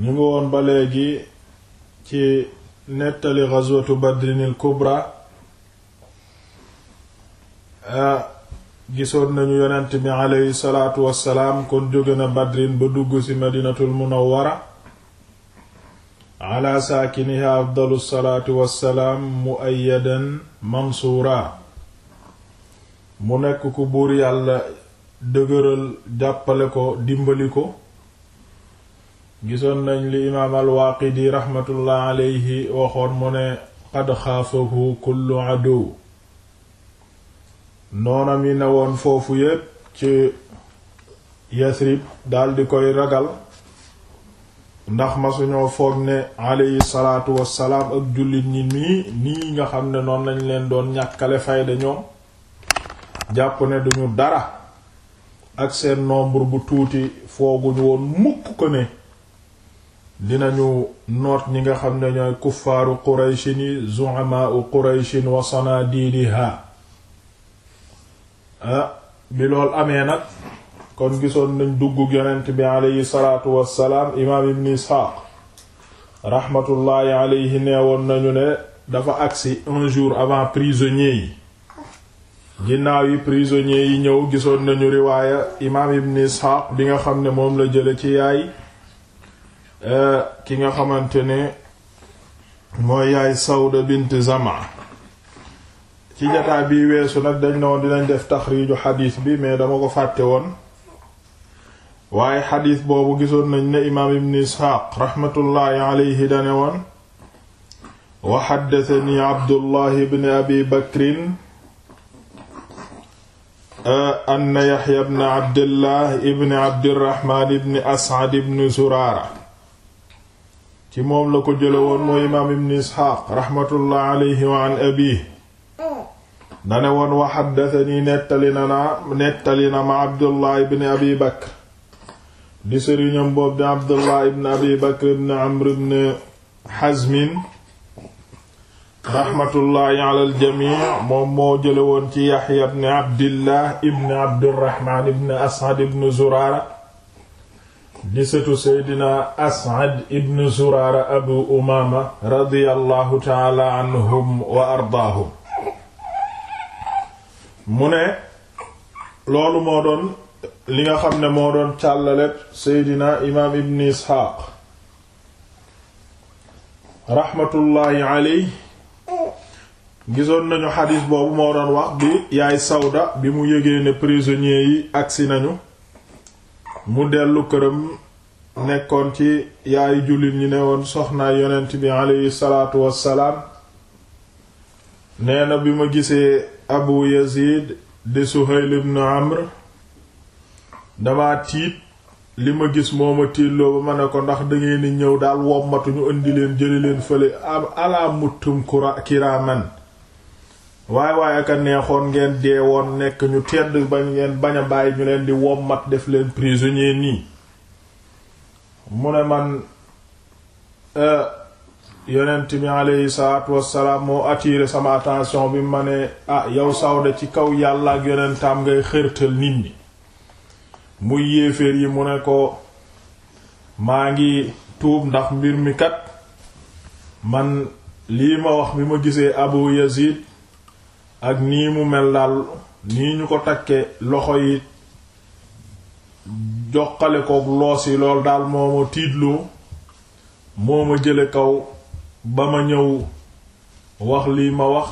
ñu ngi woon ba léegi ci nettali ghazwatu badrinil kubra gisoon nañu yonent bi aleyhi salaatu wassalaam kon jóge na badrin ba dugg ci madinatul munawwara ala saakiniha afdalu salaatu wassalaam muayyadan mansuura mu nekk ku buur yàlla dëgëral jàppale ko dimbali ko gisoon nañ li imaam al-Waaqidi raxmatullah alayhi waxoon mu ne qad xaafahu kullu aduw noonam yi ne woon foofu yépp ci Yasrib daldi koy ragal ndax ma suñoo foog ne alayhi salaatu wassalaam ak jullit ñi nii nii nga xam ne noon lañ leen doon ñàkkale fayda ñoom jàpp ne duñu dara ak seen nombre bu tuuti fooguñu woon mukk ko ne dinañu noot ñi nga xam ne ñooy kuffaaru qurayshin yi zu'amaa'u qurayshin wa sanadidiha ah bi lool amee nag kon gisoon nañ dugg yonent bi aleyhi salaatu wassalaam imaam ibn isxaaq rahmatullaahi aleyhi neewoon nañu ne dafa agsi un jour avant prisonnier yi ginnaaw yi prisonnier yi ñëw gisoon nañu riwaaya imaam ibn isxaaq bi nga xam ne moom la jële ci yaay Eh, ki nga xamante ne mooy yaay Sawda bint Zama ci jataa bi weesu nag dañ ne woon dinañ def taxriiju xadiis bi mais dama ko fàtte woon waaye xadiis boobu gisoon nañ ne imaam ibn Isxaaq raxmatullaahi alayhi dane woon wa xaddatani Abdullahi ibn Abi Bakrin eh, anna Yaxya ibn Abdillah ibn Abdirraxmaan ibn Ascad ibn Zuraara ci moom la ko jële woon mooy imaam ibn isxaaq raxmatullah alayhi wa an dane woon wa xaddatani nettali na na nettali na ma abdullah ibn abi bakr di sëriñam boobu di abdullah ibn abi bakr ibn amr ibn xazmin raxmatullaahi ala aljamii moom moo jële woon ci yaxya ibn abdillah ibn abdurraxmaan ibn asad ibn zuraara di sëtu seydina as'ad ibn zuraara abu umaama radiyallahu taala anhum wa ardaahum mu ne loolu moo doon li nga xam ne moo doon càllale seydina imaam ibn isxaaq raxmatullaahi aley gisoon nañu xadiis boobu moo doon wax bi yaay sawda bi mu yégee ne prisonniers yi agsi nañu mu dellu këram nekkoon ci yaayu jullit ñi ne woon soxnaay yonent bi aleyhi salaatu wassalaam nee na bi ma gisee abu yazid di suhayl amr dama tiit li ma gis mooma tiitloo ba ma ne ko ndax dangeen ni ñëw daal wommatu ñu indi leen jëli leen fële ala kiraaman waaye waaye aka neexoon ngeen dee woon nekk ñu tedd bañ ngeen bañ a bàyyi ñu leen di wommat def leen prisonnier nii mu ne man euh, yonent mi aleyhi salaatu wassalaam moo attiré sama attention bi ma ne ah yow sawda ci kaw yàlla ak yonentam ngay xërtal nit ñi muy yéeféer yi mu ne ko maa ngi tuub ndax mbir mi kat man lii ma wax bi ma gisee Abu Yazid ak nii mu mel daal nii ñu ko takke loxo yi joxale kook loos yi lool daal moo ma tiitlu moo ma jële kaw ba ma ñëw wax lii ma wax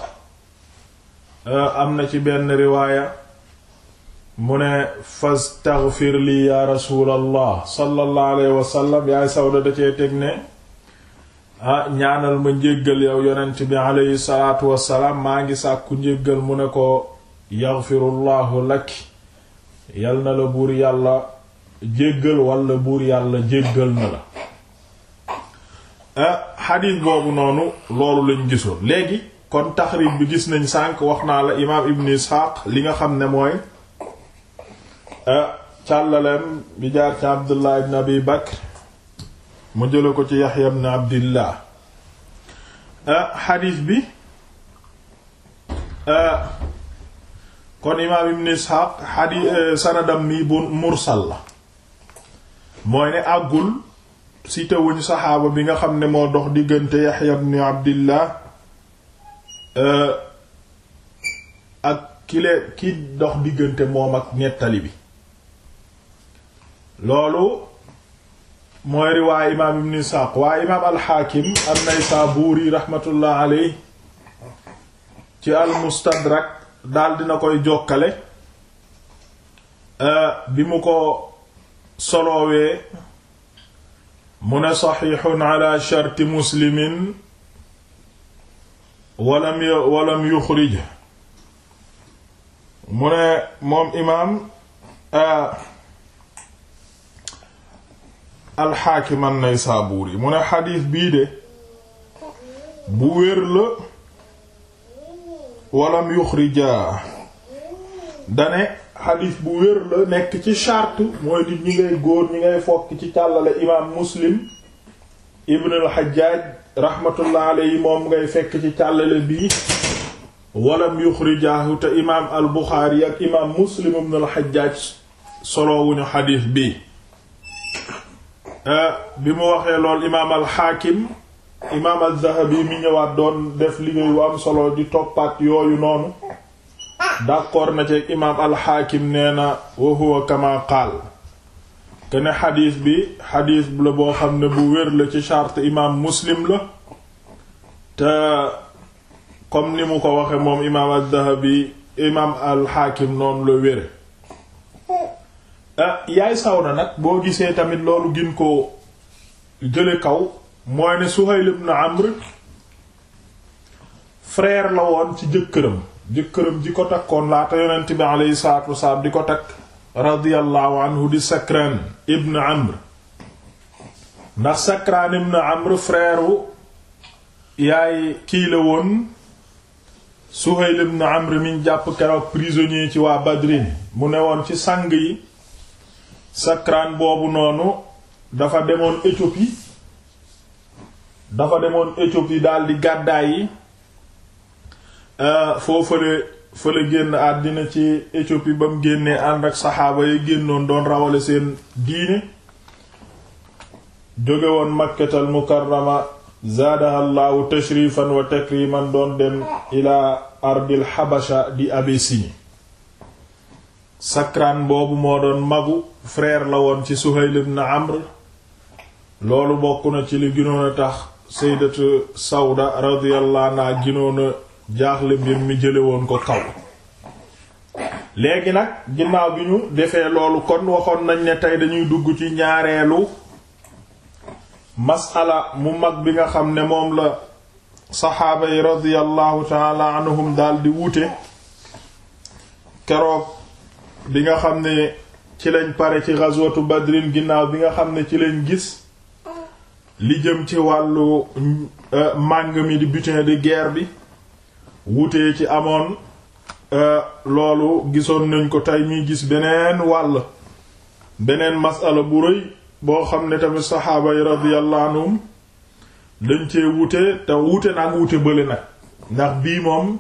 euh, am na ci benn riwaaya mu ne fas lii yaa rasuulallah sallallahu alayhi wasallam yaay sawda da teg ne ah ñaanal ma njéggal yow yonent bi aleyhi salaatu wassalaam maa ngi sàkku njéggal mu ne ko yaxfirullahu lak yal na la buur yàlla jéggal walla buur yàlla jéggal na la ah xadiis boobu noonu loolu lañ gisoon léegi kon taxrib bi gis nañ sànk wax naa la imaam ibn isxaaq li nga xam ne mooy ah eh, càllaleem bi jaar ci abdullah ibn abi bakr mu jëla ko ci yaxya ibn abdillah ah, xadiis bi ah, kon imaam ibn isxaaq xadiis eh, sanadam mi bu mursal la mooy ne àggul si tawuñ saxaaba bi nga xam ne moo dox diggante yaxya ibn abdillah eh, ak kile ki dox diggante moom ak nettali bi loolu mooy riwaay imaam ibn Isaaq waaye imaam alxaakim an-Naysaabuuri rahmatullah aley ci al-Mustadrak daal dina koy jokkale eh, bi mu ko soloowee mu ne saxiixun ala sharti muslimin walam walam yuxrij mu moom imaam eh, alxaakim an-Naysaburi mu ne xadiis bii de bu wér la walam yuxrijaa dane xadiis bu wér la nekk ci charte mooy nit ñi ngay góor ñi ngay fokk ci càllale imaam Muslim ibn al-Hajjaj rahmatullah alayhi moom ngay fekk ci càllale bii walam yuxrijaahu te imaam al-Buxaari ak imaam Muslim ibn al-Hajjaj solowuñu xadiis bi bi mu waxee lool imaam alxaakim imaam alzahabi mi ñëwaat doon def liggéey wu am solo di toppaat yooyu noonu d'accord na ceeg imaam alxaakim nee na wa huwa kama qaal kene xadiis bi xadiis la boo xam ne bu wér la ci charte imaam muslim la te comme ni mu ko waxee moom imaam alzahabi imaam alxaakim noonu la wére Ah, yaay Sawda nag boo gisee tamit loolu gin ko jële kaw mooy ne Suhayl ibn Amr frère la woon ci jëkkëram jëkkëram ji ko takkoon laata yonent bi alayhi salaatu wasalaam di ko takk radiyallahu anhu di Sakran ibn Amr ndax Sakran ibn Amr frère wu yaay kii la woon Suhayl Amr miñ jàpp keroog prisonnier ci waa Badrin mu newoon ci sang yi sakran boobu noonu dafa demoon Éthiopie dafa demoon Éthiopie daal di gàddaay yi euh, foo fële fële génn àddina ci Éthiopie ba mu génnee ànd ak saxaaba yi génnoon doon rawale seen diine jóge woon Makkatal Mukarrama zaadaha Allahu tashrifan wa takriman doon dem ilaa ardil Habasha di Abyssinie sakraan boobu moo doon magu frère la woon ci Suhayl ibn Amr loolu bokk na ci li ginoon a tax saydatu Sawda radiyallahu anha ginoon a jaaxle mbir mi jële woon ko kaw léegi nag ginnaaw bi ñu defee loolu kon waxoon nañ ne tey dañuy dugg ci ñaareelu masala mu mag bi nga xam ne moom la saxaaba yi radiyallahu taala anhum daal di wuute keroog li nga xam ne ci lañ pare ci ghazwatu badrin ginnaaw bi nga xam ne ci lañ gis li jëm ci wàllu euh, màng mi di butin di guerre bi wutee ci amoon euh, loolu gisoon nañ ko tey muy gis beneen wàll beneen masala bu rëy boo xam ne tamit saxaaba yi radiyallahu anhum dañ cee wute te wute nag wute bële nag ndax bii moom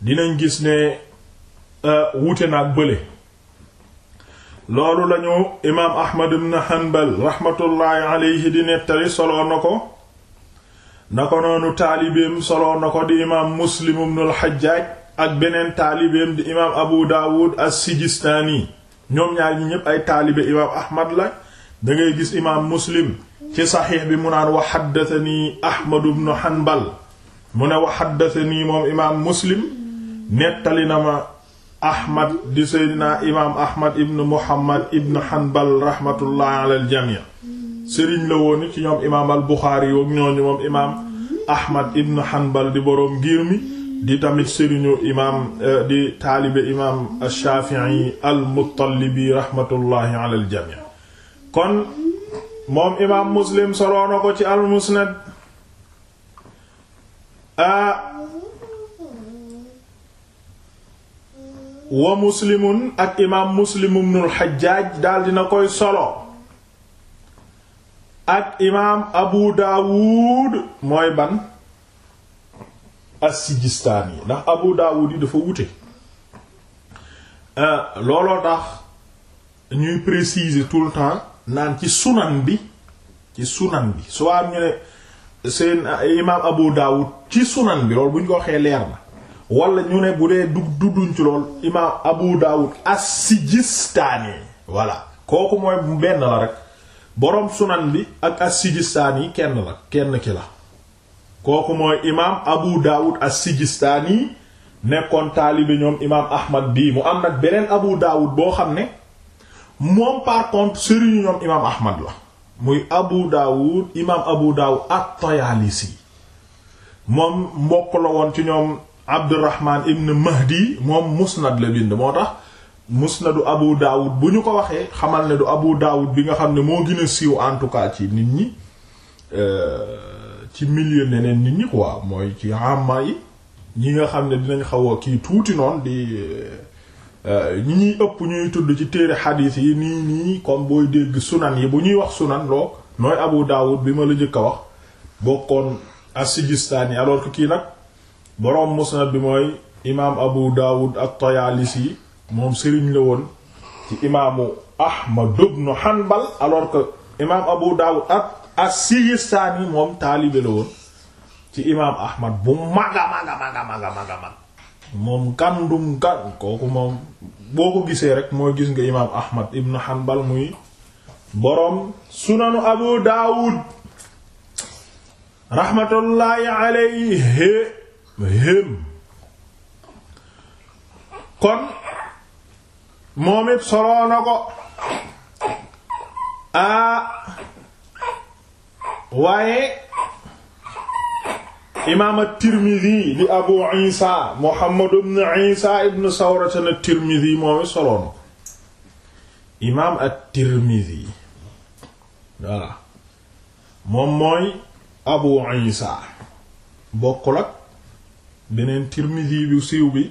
dinañ gis ne euh, wute nag bële loolu lañu imaam ahmad ibn hanbal rahmatullaahi di nettali soloo na ko na ko noonu taalibeem soloo na ko di imaam muslim ibn al ak beneen taalibeem di imaam abu daawud as-sijistaani ñoom ñaar ñi ñépp ay taalibe imaam ahmad la dangay gis imaam muslim ci saxiix bi mu naan wa xaddatani ahmad hanbal mu ne wa xaddatani moom imaam muslim nettali na ma ahmad di seydina imaam ahmad ibn muhammad ibn hanbal rahmatullah ala al sëriñ la woon ci ñoom imaam al buxaari yi ak ñooñu moom imaam ahmad ibn hanbal di boroom ngir mi di tamit sëriñu imaam eh, di taalibe imaam ash-shafi'i rahmatullahi ala al kon moom imaam muslim soloona ko ci al wa muslimun ak imaam muslim ibnul xajjaaj daal dina koy solo ak imaam abu daawud mooy ban as yi ndax abu daawud yi dafa wute ah, looloo tax ñuy préciser tout le temps naan ci sunan bi ci sunan bi soo am ñu ne seen imaam abu daawud ci sunan bi loolu bu ñu ko waxee leer na wala ñu ne bu dee dug dudduñ ci lool imaam Abu Dawud as-Sijistaani voilà kooku mooy benn la rek boroom sunan bi ak as kenn la kenn ki la kooku mooy imaam Abu Dawud as-Sijistaani nekkoon taalibi ñoom imaam Ahmad bii mu am nag beneen Abu Dawud boo xam ne moom par contre sëriñu ñoom imaam Ahmad la muy Abu Dawud imaam Abu Dawud at-Tayaalisi moom mbokk la woon ci ñoom Abdurrahman ibn Mahdi moom musnad la bind moo tax musnadu Abu Dawud bu ñu ko waxee xamal ne du Abu Dawud bi nga xam ne moo gën a siiw en tout cas ci nit ñi euh, ci milieu neneen nit ñi mooy ci amma nga xam ne dinañ xaw kii tuuti noonu di euh, ñi ñuy ëpp ñuy tudd ci téere xadiis yi nii nii comme booy dégg sunan yi bu ñuy wax sunan loo nooy Abu Dawud bi ma la njëkk a wax bokkoon as-Sijistaani alors que kii nag. boroom musnad bi mooy imaam abu daawud at-tayaalisi moom sëriñ la woon ci imaamu ahmad ibn hanbal alors que imaam abu daawud ak as-siyistaani moom taalibe la woon ci imaam ahmad bu maga maga moom gàndum gàn kooku moom boo ko gisee rek mooy gis nga imaam ahmad ibn hanbal muy boroom sunanu abu daawud rahmatullahi alayhi hém kon moom it soloo ko a waaye imaam at-Tirmidhi di Abu Isa Muhammad ibn Isa ibn Sawrata at-Tirmidhi moom it soloo na ko imaam at-Tirmidhi voilà moom mooy Abu Isa bokkul ak beneen Tirmidhi bu siiw bi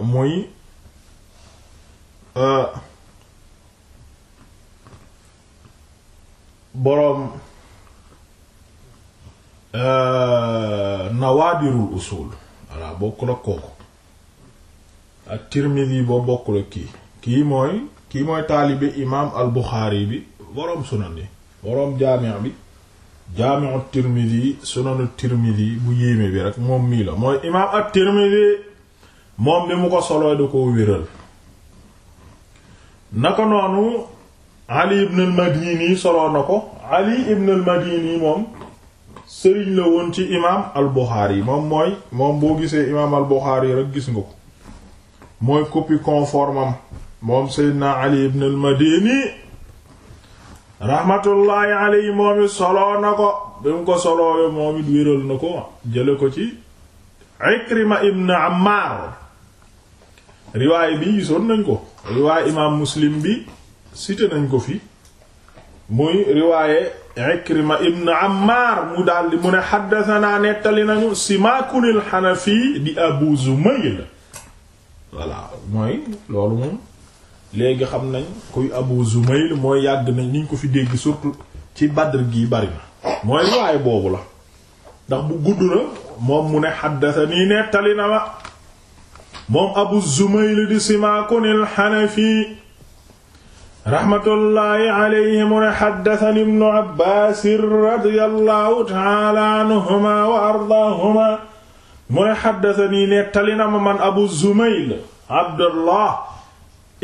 muy boroom nawaadirul usul walla bokk la kooku ak Tirmidhi boo bokk la kii kii mooy kii mooy taalibe imaam al Buxaari bi boroom sunan yi boroom bi jaamiu tirmidi sunanu tirmidi bu yéeme bi rek moom mii la mooy imaam at tirmidi moom ni mu ko soloo da ko wéral naka noonu ali ibn al madini soloo na ko ali ibn al madini moom sëriñ la woon ci imaam al buxaari moom mooy moom boo gisee imaam al buxaari rek gis nga ko mooy copie conforme am moom seydina ali ibn al madini rahmatullahi alayhi moom it soloo na ko bi mu ko soloowe moom it wéral na ko jële ko ci Ikrima ibn Ammar riwaay bi gisoon nañ ko riwaay imaam Muslim bi cité nañ ko fi muy riwaaye Ikrima ibn Ammar mu daldi mu ne xaddasanaa nettali nañu Simaakun al-Hanafi di Abu Zumayl voilà mooy loolu moom léegi xam nañ kuy Abu Zumayl mooy yàgg nañ niñ ko fi dégg surtout ci Badr gi bari na mooy riwaay boobu la ndax bu gudd na moom mu ne xaddathanii nettali na ma moom Abu Zumayl di Simaakun al-Hanafi raxmatullaahi mu ne xaddathanii ibnu Abbaas radiyallaahu ta'aala wa ardaahumaa mu ne xaddathanii nettali na ma man Abu Zumayl Abdullah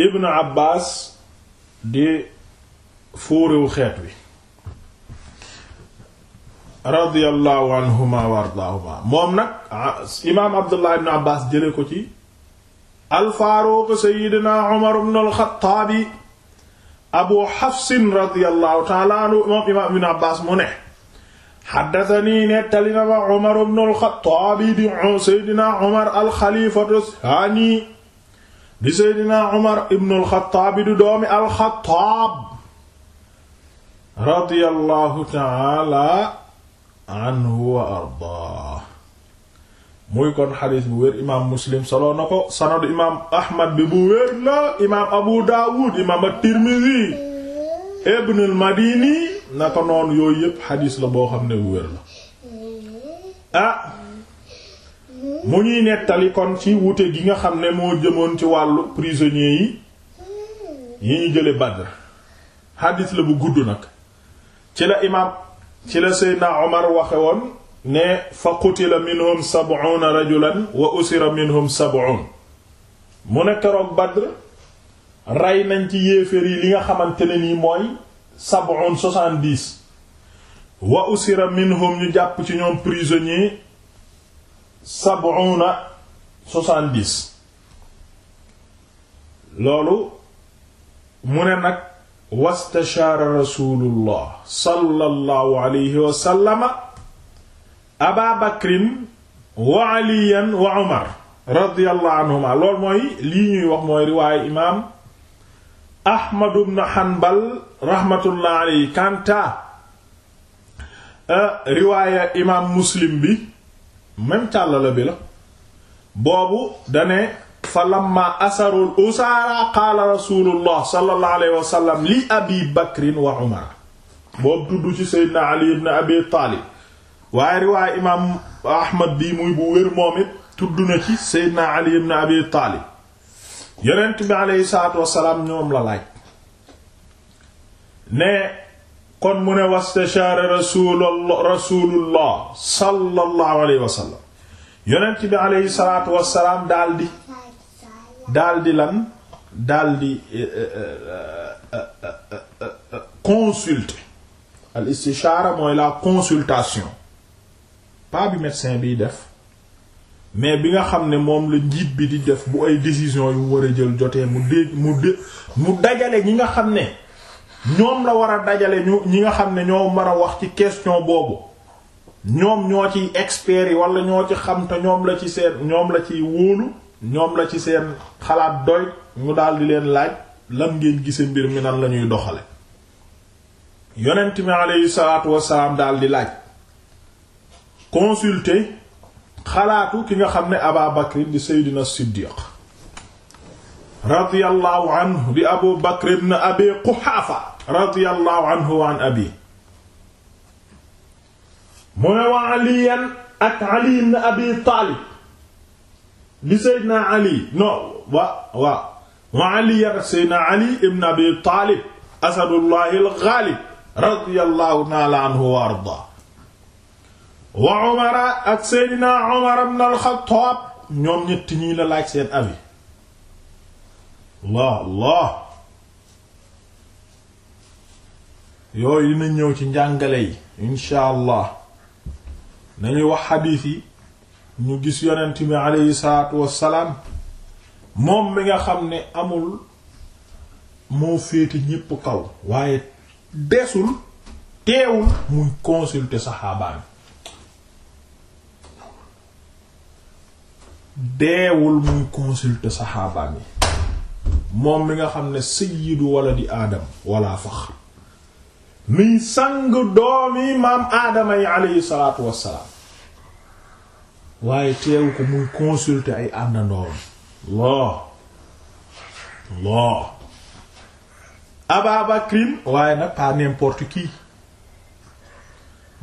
ibn abbas di fóoréwu xeet wi radiyallahu anhuma wa ardaahuma moom nag imaam abdullah ibn abbas jële ko ci alfaaruq sayidina umar ibn alxataabi abu xafsin radiyallahu taala anhu moom imaam ibn abbas mu ne xaddatani nettali na ma umar ibn alxataabi di seydina umar alxalifatu saani di seydina Umar ibnul Xattaab di doomi alxataab radiyallahu taala anhu wa ardaa muy kon xadiis bu wér imaam Muslim soloo na ko sanadu imaam Ahmad bi bu wér la imaam Abu Daawud imaam at-Tirmidhi ibnul Madini naka noonu yooyu yépp xadiis la boo xam ne bu wér la ah mu ñuy nettali kon ci wute gi nga xam ne moo jëmoon ci wàllu prisonniers yi yi ñu jële Badr xaddis la bu gudd nag ci la imaam ci la Seydina Omar waxe woon ne fa qutila minhum sab'una rajulan wa usira minhum sab'un mu ne keroog Badr rey nañ ci yéeféer yi li nga xamante ne nii mooy sab'un soixante-dix wa usira minhum ñu jàpp ci ñoom prisonniers sab'una soixante-dix loolu mu ne nag wastashaara rasulullah sallallahu alayhi wa sallama aba bakrin wa aliyan wa umar radiyallahu anhuma loolu mooy lii ñuy wax mooy riwaaye imaam ahmadu ibn hanbal rahmatullah alayhi kanta eh, riwaaya imaam muslim bi même càllala bi la boobu dane fa lamma asarul usaara qaala rasulullah sallallahu alayhi wa sallam li abi bakrin wa umara boobu tudd ci seydina ali ibn abi taalib waaye riwaaya imaam ahmad bi muy bu wér moom it tudd na ci seydina ali ibn abi taalib yonent bi aleyhi salaatu ñoom la laaj ne kon mu ne wastashaara rasulullah rasulullah sallallahu alayhi wa yonent bi aleyhi salaatu wasalaam daldi daldi lan daldi eh, eh, eh, consulter al istishaara mooy la consultation pas bi médecin biy def mais bi nga xam ne moom la njiit bi di def bu ay décision yu war a jël jotee mu dé mu dé mu dajale ñi nga xam ne ñoom la war a dajale ñu ñi nga xam ne ñoo mën a wax ci question boobu ñoom ñoo ciy experts yi wala ñoo ci xam te ñoom la ci seen ñoom la ciy wóolu ñoom la ci seen xalaat doy ñu daal di leen laaj lan ngeen gise mbir mi nan la ñuy doxale yonent mi aleyhi salaatu wasalaam daal di laaj consulter xalaatu ki nga xam ne Aba Bakr di Seydina Siddiq radiyallahu anhu di Abu Bakr ibn Abi Quhafa radiyallahu anhu wa an abi mu ne wa aliyan ak ali ibn abi taalib di seydna ali no wa wa wa aliyan seydna ali ibn abi taalib asadullahi al-ghalib radiyallahu ta'ala anhu wa ardaa wa Umar ak Seydina Umar ibn al-Khattab ñoom ñett ñii la laaj seen avis Allah Allah yooyu dina ñëw ci njàngale yi incha allah nañuy wax xadiis yi ñu gis yonent bi aleyhi salaatu wassalaam moom mi nga xam ne amul moo féete ñépp kaw waaye desul teewul muy consulter saxaabaan deewul muy consulter saxaabaan yi moom mi nga xam ne sayyidu wala di aadam wala fax muy sang doomi maam aadama yi aleyhi salaatu wassalaam waaye teewu ko muy consulter ay àndandoom loo loo ababakrin waaye nag pas n'importe qui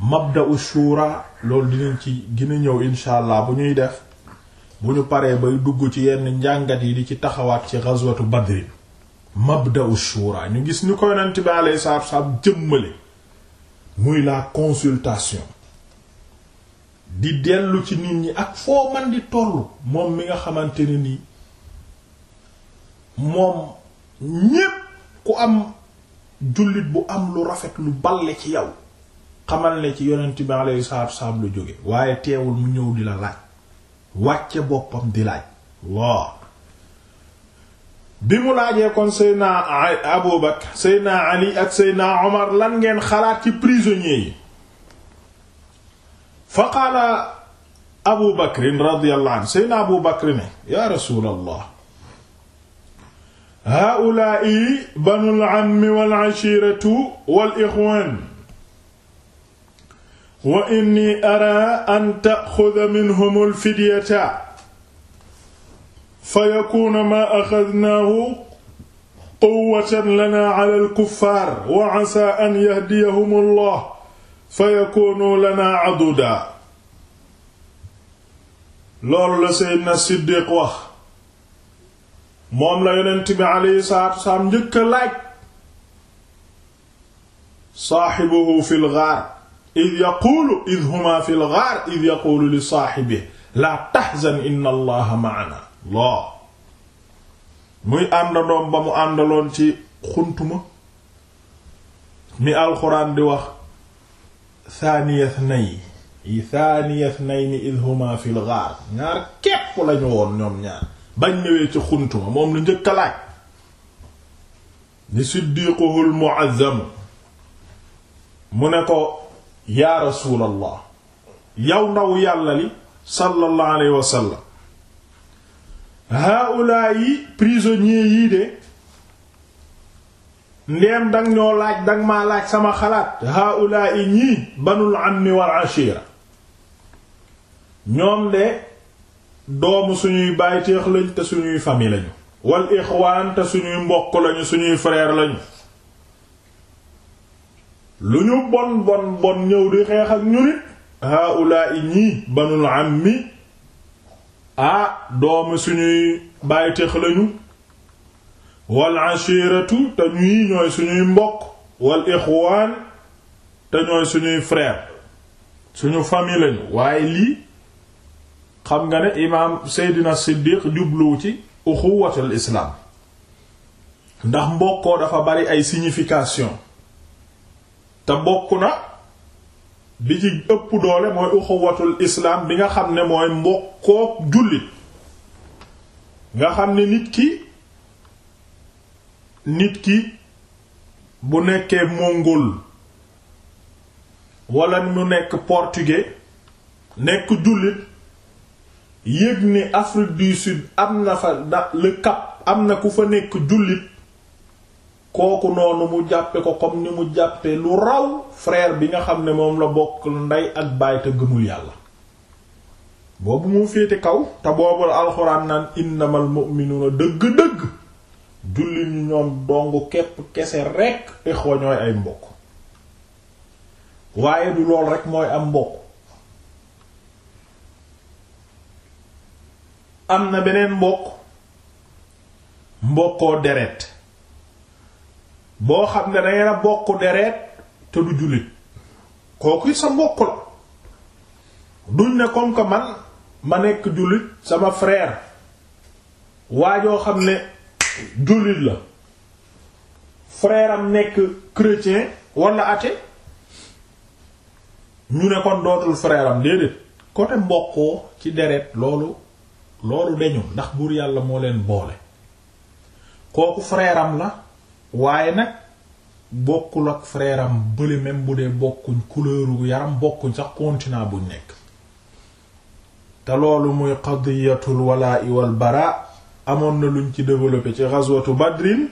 mabda u shura loolu dinañ ci gën ñëw insha allah bu ñuy def bu ñu paree bay dugg ci yenn njàngat yi di ci taxawaat ci ghazwatu badrin mabda'u shura ñu gis ñu ko yonent bi alayhi salaatu wassalaam jëmmale muy la consultation di dellu ci nit ñi ak foo man di tollu moom mi nga xamante ne nii moom ñépp ku am jullit bu am lu rafet lu balle ci yow xamal ne ci yonent bi alayhi salaatu wassalaam lu jóge waaye teewul mu ñëw di la laaj wàcce boppam di laaj waaw bi mu laajee kon Seydina Abu Bakr Seydina Ali ak Seydina Omar lan ngeen xalaat ci prisonniers yi fa qaala Abu Bakr radiyallahu anhu Seydina Abu Bakr ne yaa rasuulallah haa'ulaa'i banul ammi wal ashiiratu wal ixwaan wa inni araa an ta'xuda minhum al fidyata fa yakuuna maa axadnaahu quwwatan lanaa ala alkuffaar wa asaa an yahdiyahum allah fa yakuunu lanaa adudaa loolu la seydna siddiq wax moom la yonent bi aleyhi salaatu wasalaam njëkk a laaj saaxibuhu fi lgaar id yaquulu id huma fi lgaar id yaquulu li saaxibihi laa taxzan inna allaha ma'anaa loo muy àndandoom ba mu àndaloon ci xuntuma mi alxuraan di wax thaniyat nay yi thaniyat nay ni idhuma fil ghaar ñaar képp lañu woon ñoom ñaar bañ ñëwee ci xuntuma moom lu njëkk a laaj ni siddiquhul mu'azzamu mu ne ko yaa rasuulallah yow ndaw yàlla li sallallahu alayhi wa haula yi prisonniers yii de ndeem dang ñoo laaj dang maa laaj sama xalaat haula yi ñii banul ammi wal ashira ñoom de doomu suñuy bàyteex lañ te suñuy famille lañu wal ixwaan te suñuy mbokk lañu suñuy frère lañu lu ñu bon bon bon ñëw di xeex ak ñu nit haula yi ñii banul ammi ah doomu suñuy bàyyi tex lañu wal ashiratu te ñuy ñooy suñuy mbokk wal ixwaan te ñooy suñuy frère suñu famille lañu waaye lii xam nga ne imaam Seydina Siddiq jubluwu ci uxuwatul islaam ndax mbokkoo dafa bari ay signification te bokk na bi ci ëpp doole mooy uxuwatul islaam bi nga xam ne mooy mbokkook jullit nga xam ne nit ki nit ki bu nekkee mongol wala mu nekk portugais nekk jullit yëg ni Afrique du Sud am na fa da le Cap am na ku fa nekk jullit kooku noonu mu jàppe ko kom ni mu jàppe lu raw frère bi nga xam ne moom la bokk ndey ak baay te gëmul yàlla boobu mu féete kaw te boobu la alxuraan naan innamal mu'minuuna dëgg-dëgg jullit ñu ñoom dong képp kese rekk ixwa ñooy ay mbokk waaye du lool rekk mooy am mbokk am na beneen mbokk mbokkoo deret boo xam ne dangeen a bokk deret te du jullit kooku sa mbokk la duñ ne comme que man ma nekk jullit sama waa waajoo xam ne jullit la frère nekk chrétien walla ate ñu ne kon dootul frère am déedéet côté mbokkoo ci deret loolu loolu dañu ndax buur yàlla moo leen boole kooku freeram la waaye nag bokkul ak frère bële même bu dee bokkuñ couleuru yaram bokkuñ sax continent buñ nekk te loolu muy qadiyatul walaa'i wal bara amoon na luñ ci développé ci ghazwatu badrin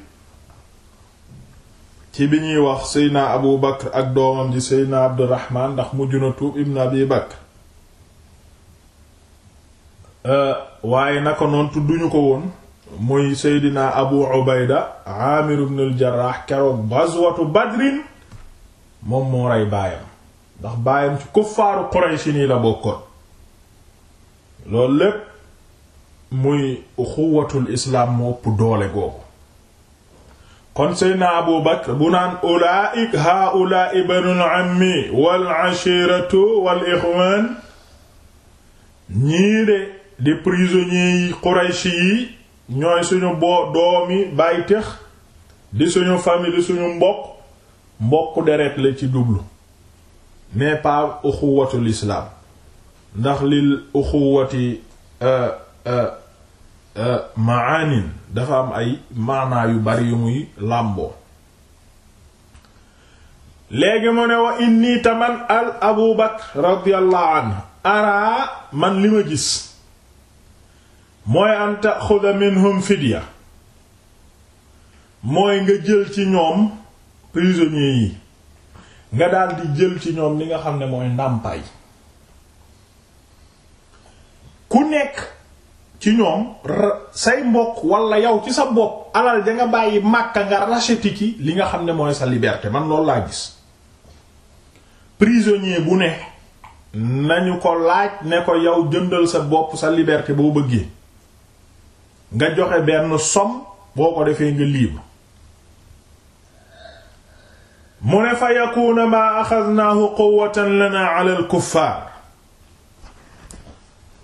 ci bi ñuy wax seydna abu bakr ak doomam ji seydna abdurrahman ndax mujj na tuub ibn abi bakr euh, waaye naka noon tudduñu ko woon muy seydina abu ubayda aamir ibn al jarrah keroog ghazwatu badrin moom moo baayam ndax baayam ci kuffaaru qurayshi nii la bokkoon loolu lépp muy uxuwatul islaam mu doole googu kon seydina abu bakr bu ulaa'ik haa'ulaa'i banul ammi wal ashiratu wal ixwaan ñii di prisonniers yi qurayshi yi ñooy suñu boo doomi bàyyi tex di suñu famille suñu mbokk mbokk deret la ci jublu mais pas uxuwatul islaam ndax lil uxuwati euh, euh, euh, maanin dafa am ay maanaa yu bari yu muy làmboo léegi mu ne wa inni taman al abu bakr radiyallahu anhu araa man li ma gis mooy an taxuda minhum fidya mooy nga jël ci ñoom prisonniers yi nga daldi jël ci ñoom li nga xam ne mooy ndàmpaay ku nekk ci ñoom say mbokk walla yow ci sa bopp alal ja nga bàyyi Makka nga racheter li nga xam ne mooy sa liberté man loolu laa gis prisonnier bu ne nañu ko laaj ne ko yow jëndal sa bopp sa liberté boo bëggee nga joxe benn som boo ko defee nga libre mu ne fa yakuna maa axadnaahu quwwatan lana ala al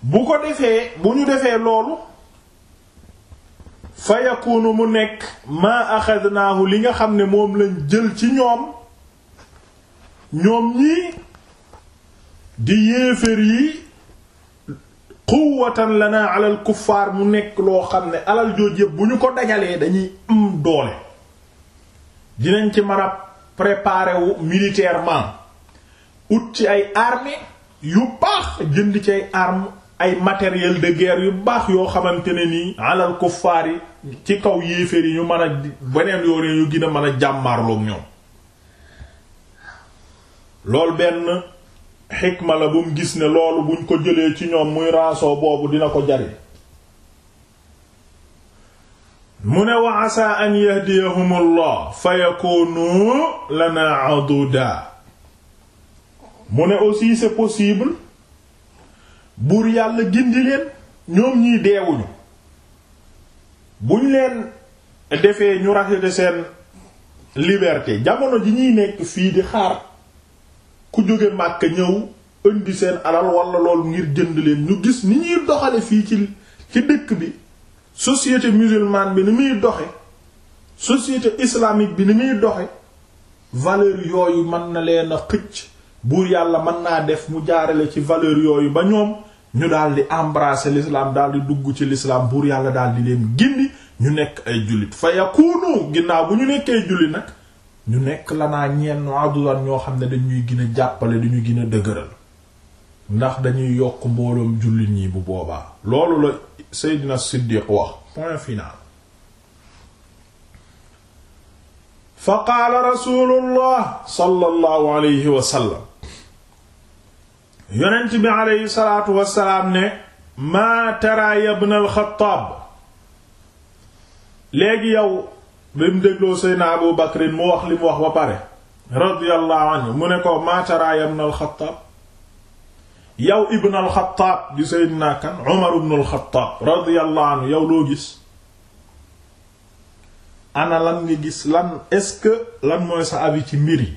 bu ko defee bu ñu defee loolu fa yakunu mu nekk maa axadnaahu li nga xam ne moom lañ jël ci ñoom ñoom ñii di yéeféer yi quwwatan lana ala kuffaar mu nekk loo xam ne alal jooj bu ñu ko dajalee dañuy am doole dinañ ci mën a préparer wu militairement ut ci ay armée yu baax jënd ci ay ay matériel de yu baax yoo xamante ne nii alal kuffaar yi ci kaw yéeféer yi ñu mën a beneen yoone yu gën a mën a jàmmaarloog ñoom loolu benn xikma la bu mu gis ne loolu buñ ko jëlee ci ñoom muy raasoo boobu dina ko jari mu ne wa asaa an yahdiyahum allah fa yakunu lana aduda mu ne aussi c'est possible buur yàlla gindi leen ñoom ñiy deewuñu buñ leen defee ñu racheter seen liberté jamono ji ñuy nekk fii di xaar ku jóge Màkka ñëw indi seen alal wala loolu ngir jënd leen ñu gis ni ñuy doxale fii ci ci dëkk bi société musulmane bi ni muy doxe société islamique bi ni muy doxe valeur yooyu mën na leen a xëcc buur yàlla mën naa def mu jaarale ci valeur yooyu ba ñoom ñu daal di lislaam l'islam daal di dugg ci lislaam buur yàlla daal di leen gindi ñu nekk ay jullit fa yakunu ginnaaw bu ñu nekkee jullit nag ñu nekk la naa ñeen adulan ñoo xam ne dañuy gën a jàppale dañuy gën a dëgëral ndax dañuy yokk mbooloom jullit ñi bu boobaa loolu la Seydina Siddiq wax point final fa qaala rasulullah sallallahu alayhi wa yonent bi alayhi salaatu wassalaam ne maa tara xattaab léegi yow bi mu dégloo Seydina Abu Bakrin mu wax li wax ba pare radiyallahu mu ne ko maataraa ya ibn al-Xattaab yow ibn al-Xattaab kan Umar ibn al-Xattaab radiyallahu anhu loo gis ana lan nga gis lan est-ce lan mooy sa avis ci mbir yi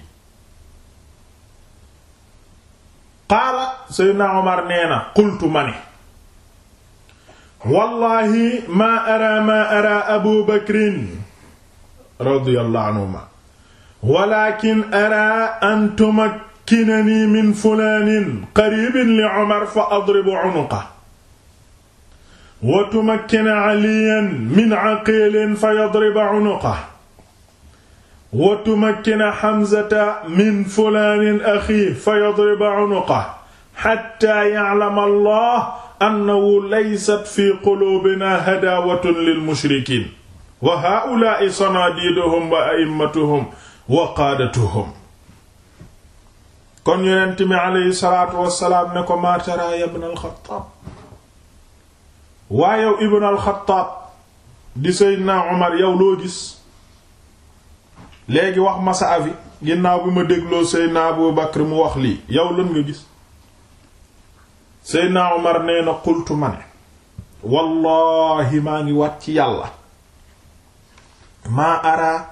qaala Seydina Umar nee na qultu ma ne wallahi maa ara maa ara Abu Bakrin radiyallahu anhuma walakin ara an tumakkinani min fulanin qaribin li Umar fa adribu unuqa wa tumakkina Aliyan min Aqilin fa yadriba unuqa wa tumakkina Hamzata min fulanin axi fa yadriba unuqa xatta ya'lama Allah annahu laysat fi qulubina hadaawatun lil mushrikiin wa haa'ulaa'i sanaadiiduhum wa a'immatuhum wa qaadatuhum kon waa yow ibn alxataab di seydina Umar yow loo gis léegi wax ma sa avis ginnaaw bi ma dégloo seydina Abu Bakr mu wax lii yow lan nga gis seydina Umar nee na qultu ma ne wallaahi maa ngi wat ci yàlla maa ara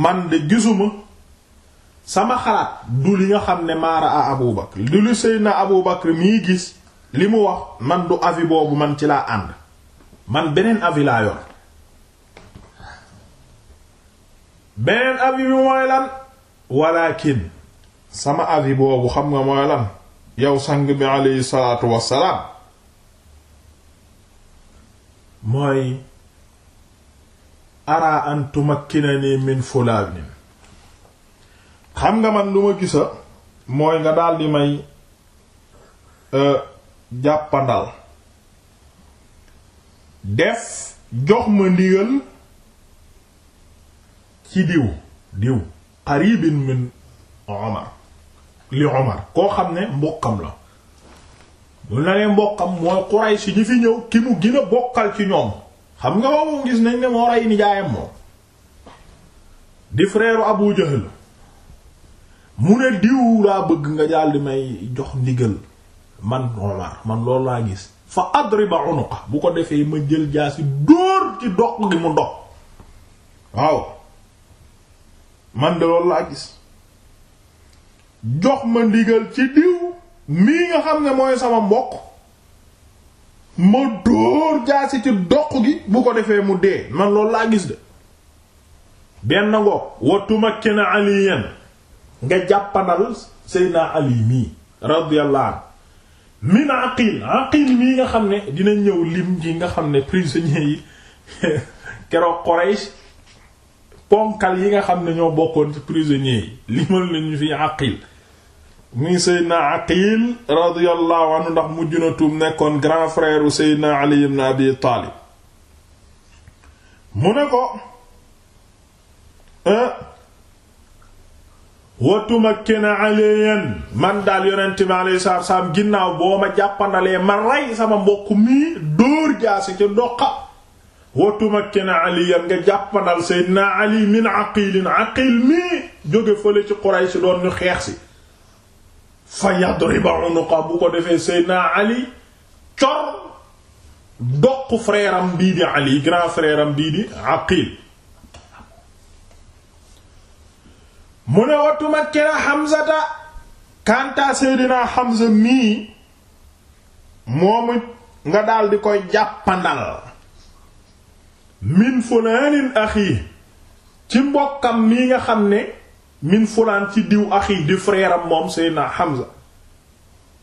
man de gisuma sama xalaat du li nga xam ne maara a Abu Bakr du li Seydina Abu Bakr mii gis li mu wax man du avis boobu man ci laa ànd man beneen avis laa yor beneen avis bi mooy lan walakin sama avis boobu xam nga mooy lan yow sang bi aleyhi salaatu wassalaam ara an tumakkinani min fulaanin xam nga man lu ma gisa mooy nga di may e, jàppandal def jox ma ndigal ci diw diw qaribin min Omar li Omar koo xam ne mbokkam la mbokkam mooy Quraysh ñi fi ñëw ki mu gën bokkal ci ñoom xam nga moom gis nañ ne moo rey nijaayam moom di frère Abu mu ne diw laa bëgg nga li may jox ndigal man Omar man loolu laa gis fa adriba unuqa bu ko defee ma jël jaasi dóor ci doq gi mu dox waaw man de loolu laa gis jox ma ndigal ci diw mii nga xam ne mooy sama mbokk ma dóor jaasi ci doq gi bu ko defee mu dee man loolu laa gis de benn ngoog watumakkina aliyan nga jàppanal seydna ali mii radiyallahu anhu aqil aqil mii nga xam ne dina ñëw lim ji nga xam ne prisonnier yi keroog Quraysh ponkal yi nga xam ne ñoo bokkoon ci prisonnier yi limal nañu fi aqil muy seydna aqil radiallahu anhu nekkoon grand frère u seydna ali mu ne ko eh, watumakkina aliyan man daal yonent bi alayhi ginnaaw boo ma jàppandalee ma rey sama mbokk mii dóor jaasi ca doqa watumakkina aliyan nga jàppandal seydna ali min aqilin aqil mii jóge fële ci Quraysh doon ñu xeex si fa yadriba unuqa bu ko defee Seydina Ali cor doq frère am di Ali grand frère am di Aqil mu ne wa tumakkina Hamzata kanta Seydina Hamza mii moom nga daal di koy jàppandal min funanin axi ci mbokkam mii nga xam ne min fulaan ci diw axi di frère moom Seydina Hamza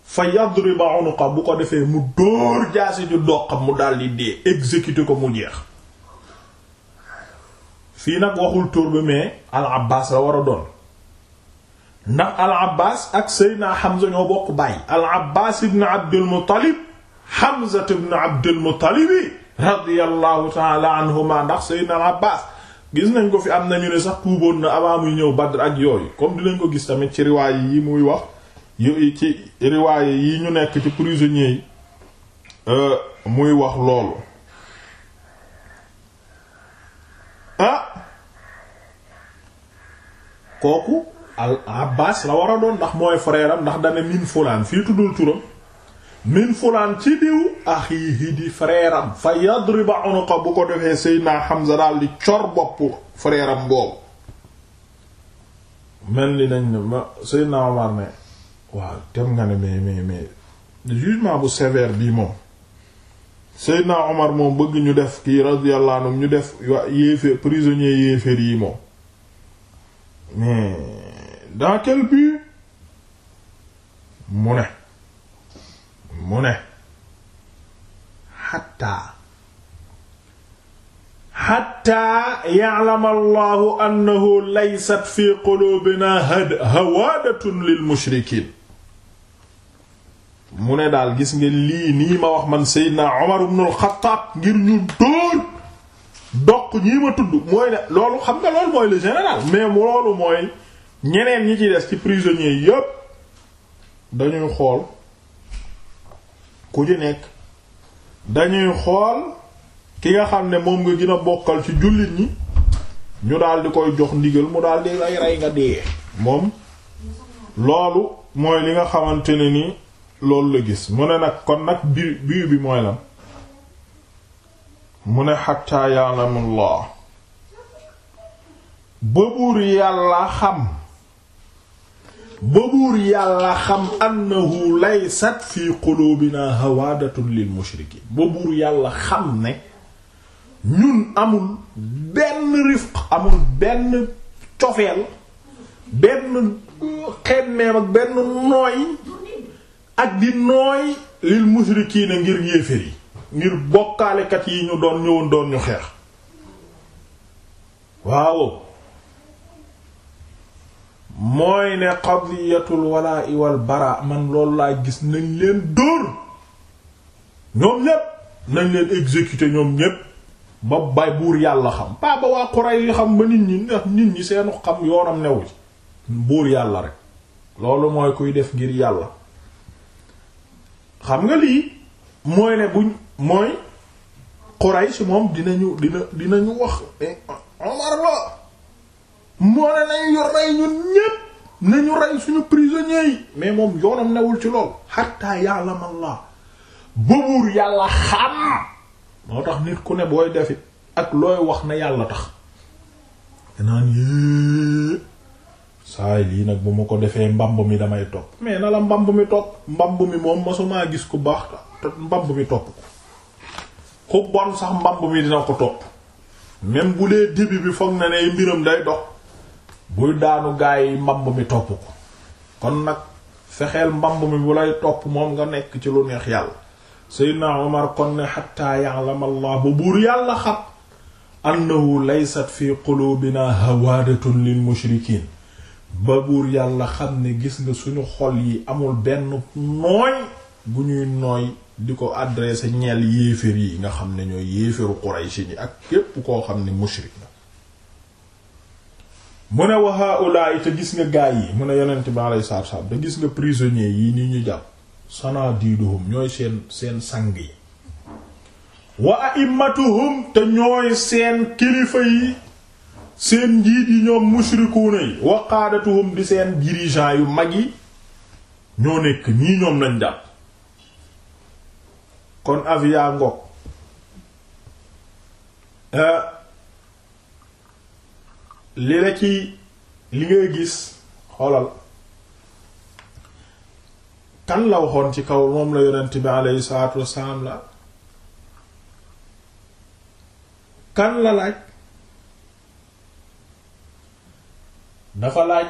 fa yadriba unuqa bu ko defee mu dóor jaasi ju mu daldi dee exécuté ko mu jeex fii nag waxul tur bi mais al abbas la war a doon ndax al abbas ak Seydina Hamza ñoo bokk bàyyi al abbas ibn Abdul Muttalib Hamza ibn Abdul Muttalib radiyallahu ta'ala anhuma ndax Seydina al abbas gis nañ ko fi am nañu ne sax tuuboon na avant muy ñëw Badr ak yooyu comme dinañ ko gis tamit ci riwaay yi muy wax yi ci riwaay yi ñu nekk ci prisonniers yi euh, muy wax loolu ah kooku al Abbas la war a doon ndax mooy frère ndax dane min fulaan fii tuddul turam min fulaan ci diw axiihi di frère am fa yadriba unuqa bu ko defee Seydina Hamza daal di cor bopp frère boobu mel ni nañ ne ma Seydina Omar ne waaw dem nga ne mais mais mais jugement bu sévère bii moom Seydina Omar moom bëgg ñu def kii radiyallahu anhu ñu def yéefe prisonnier yéeféer yi moom mais dans quel but mu ne mu ne xatta xatta ya'lama allahu annahu laysat fi quluubina hawaadatun lil mushrikiin mu ne daal gis nga lii nii ma wax man Seydina Omar ibn al ngir ñu dóor doq ñii ma tudd mooy ne loolu xam nga loolu mooy le général mais loolu mooy ñeneen ñi ci des ci prisonniers yépp dañuy xool ku ci nekk dañuy xool ki nga xam ne moom nga gën a bokkal ci jullit ñi ñu daal koy jox ndigal mu daal di rey nga dee moom loolu mooy li nga xamante ne ni loolu la gis mu ne nag kon nag bi biir bi mooy lan mu ne xatta ya'lamullah ba buur yàlla xam ba buur yàlla xam annahu laysat fi qulubina hawadatun lil mushrikin ba buur yàlla xam ne ñun amul benn rifq amul benn cofeel benn xemmeem ak benn nooy ak di nooy lil mushrikiina ngir yéeféer yi ngir bokkaalekat yi ñu doon ñëwoon doon ñu xeex waaw mooy ne qadiyatul walaa wal bara man loolu laa gis nañ leen dóor ñoom ñépp nañ leen exécuter ñoom ñépp ba bay buur yàlla xam pas waa Quraysh yi xam ba nit ñi ndax nit ñi seenu xam yoonam newu ci buur yàlla rek loolu mooy kuy def ngir yàlla xam nga lii mooy ne buñ mooy Quraysh moom dinañu dina dinañu wax moo ne nañu yor rey suñu prisonniers yi mais moom yoonam newul ci lool hatta ya'lam Allah ba buur yàlla xam moo tax nit ku ne booy defit ak looy wax na yàlla tax danaan yée saay lii nag bu ma ko defee mbamb mi damay topp mais na la mbamb mi topp mbamb mi moom masumaa gis ku baax mbamb mi topp ko ku sax mbamb mi dina ko topp même bu dee début bi foog na ne mbiram day dox buy daanu gaa yi mbamb mi topp ko kon nag fexeel mbamb mi bu lay topp moom nga nekk ci lu neex yàlla na omar kon ne xatta ya'lam allah bu buur yàlla xam annahu laysat fi qulubina hawaadatun lil mushrikiin ba buur yàlla xam ne gis nga suñu xol yi amul benn nooy gu ñuy nooy di ko adressé ñeel yéefér yi nga xam ne ñooy yéeféru Quraysh ni ak képp koo xam ne mushrik na mu ne wa haula'i te gis nga gaay yi mu ne yonent bi alayhi salaatu salaam te gis nga prisonnier yi ni ñu jàpp sanadiduhum ñooy seen seen sang yi wa a'immatuhum te ñooy seen kilifa yi seen njiit yi ñoom mushrikuuna yi wa qaadatuhum di seen dirigeant yu mag yi ñoo nekk ñii ñoom lañ jàpp kon avia ngok eh, li la ci li ngay gis xoolal kan la waxoon ci kaw moom la yonent bi aleyhi salaatu wassalaam la kan la laaj dafa laaj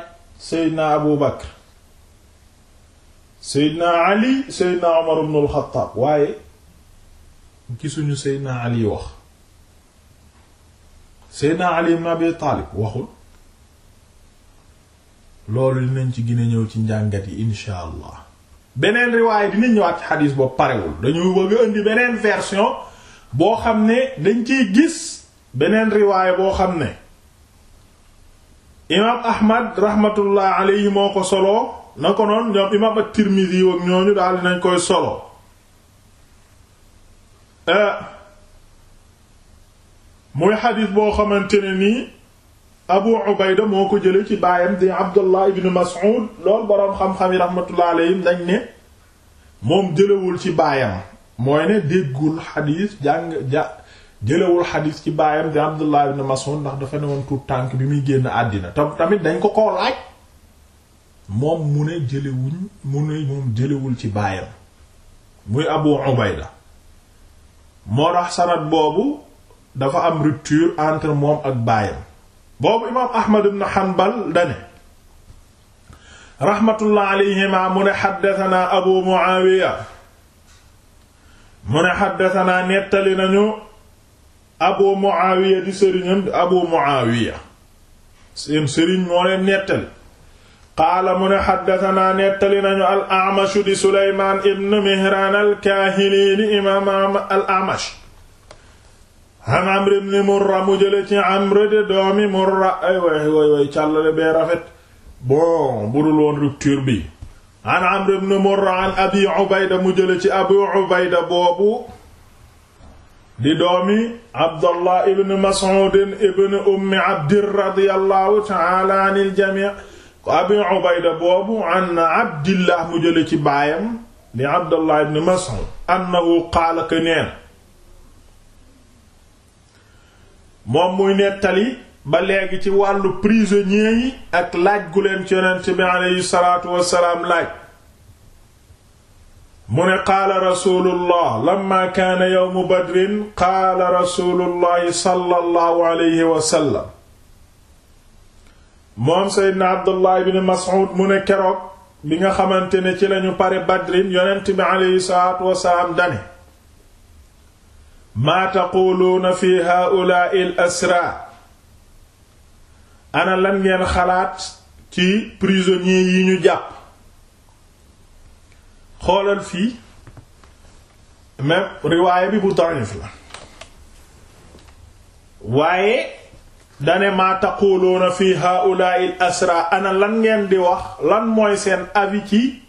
seydna abu bakr seydna ali seydna umar ibn al-Khattab waaye gisuñu seydna ali wax Seydina Ali ibn Abi Taalib waxul loolu dinañ ci gën ñëw ci njàngat yi insha allah beneen riwaay dinañ ñëwaat ci xadiis boobu parewul dañu bëgg a indi beneen version boo xam ne dañ ciy gis beneen riwaay boo xam ne imaam Ahmad rahmatullah alayhi moo ko solo na ko noon ñoom imaam at-Tirmidhi ak ñooñu daal dinañ koy solo. Euh, muy xadis boo xamante ne nii Abu Ubayda moo ko jële ci baayam di Abdullah ibn Mas'ud lool boroom xam-xam yi rahmatullah alayhim dañ ne moom jëlewul ci baayam mooy ne déggul xadis jàng ja jëlewul xadis ci baayam di Abdullah ibn Mas'ud ndax dafa ne woon tuut tànk bi muy génn àddina tam tamit dañ ko koo laaj moom mu ne jëlewuñ mu ne moom jëlewul ci baayam muy Abu Ubayda moo tax sanad boobu dafa am rupture entre moom ak baayam boobu imaam Ahmad ibn Hanbal dane rahmatullah alayhima mu ne xaddatanaa abu Muawiya mu ne xaddatanaa nettali nañu abu Muawiya di sëriñam abu Muawiya seen sëriñ moo leen nettali qaala mu ne xaddatanaa nettali nañu al Amash di Sulaymaan ibn Mihraan al Kaahili imaam al Amash am Amr ibn Murra mu jële ci Amr de doomi Murra ay way way way càllale bee rafet bon budul woon rupture bi an Amr ibn Murra an Abi Ubayda mu jële ci Abu Ubayda boobu di doomi Abdallah ibn Mas'ud ibn Ummi Abdir radiyallahu ta'ala anil jami' Abi Ubayda boobu an Abdillah mu jële ci baayam di Abdallah ibn Mas'ud annahu qaala ka neen moom muy nettali ba léegi ci wàllu prisonniers yi ak laaj gu leen ci yonent bi aleyhi salaatu wassalaam laaj mu ne qaala rasulullah lamma kaana yawmu badrin qaala rasulullahi sallallahu alayhi wa moom seydna abdullah ibn mas'ud mu ne keroog bi nga xamante ne ci lañu pare badrin yonent bi aleyhi salaatu wassalaam dane maa fi haa'ulaa'i al asraa ana lan ngeen xalaat ci prisonniers yi ñu jàpp xoolal fii même riwaaya bi bu da'if la waaye dane maa lan ngeen di wax lan mooy seen avis ci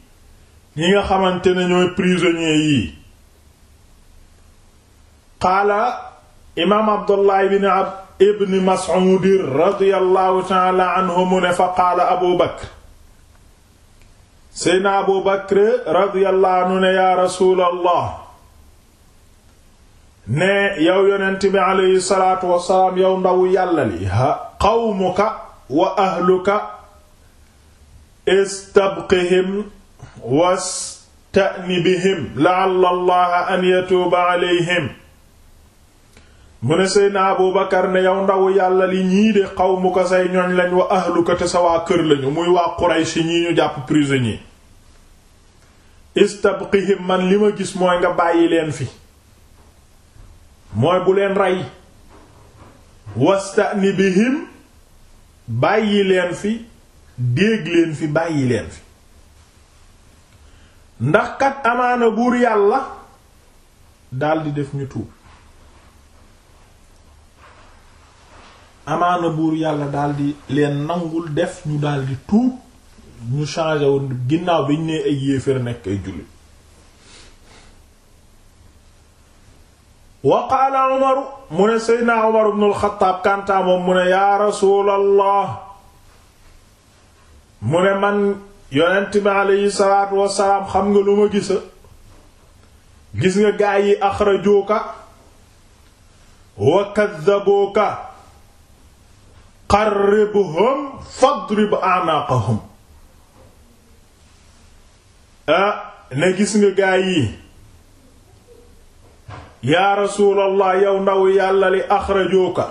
ñi nga xamante ne ñooy prisonniers yi qaala imaam abdullah ibn ab ibn mas'ud radiyallahu ta'ala anhu mu ne fa qaala abu bakr seydna abu bakr radiyallahu anhu ne yaa rasuulallah ne yow yonent bi aleyhi salaatu wasalaam yow ndaw yàlla li qawmuka wa ahluka istabqihim wasta'ni bihim la'alla allaha an yatuuba aleyhim mu ne Seydina Abubakar ne yow ndaw yàlla li ñii de xaw mu ko say ñooñ lañ wa ahluka te sa waa kër lañu muy waa Quraysh ñii ñu jàpp prisonnier istabqihim man li ma gis mooy nga bàyyi leen fi mooy bu leen rey wastani bihim bàyyi leen fi dégg leen fi bàyyi leen fi ndax kat amaana buur yàlla daldi def ñu tuub amaana buur yàlla daal di leen nangul def ñu daal di tuub ñu changé wu ginnaaw bi ñu nee ay yéefar nekk ay jullit wa qaala umaru mu ne seydna umar ibn al-Xattaab mu ne yaa rasuulallah mu ne man yonent bi aleyhi salaatu wassalaam xam nga lu ma gisa gis nga gaay yi axrajooka wa kaddabuuka qarribhum fadrib a'naqahum ah ne gis nga gaa yi yaa rasuulallah yow ndaw yàlla li axrajuuka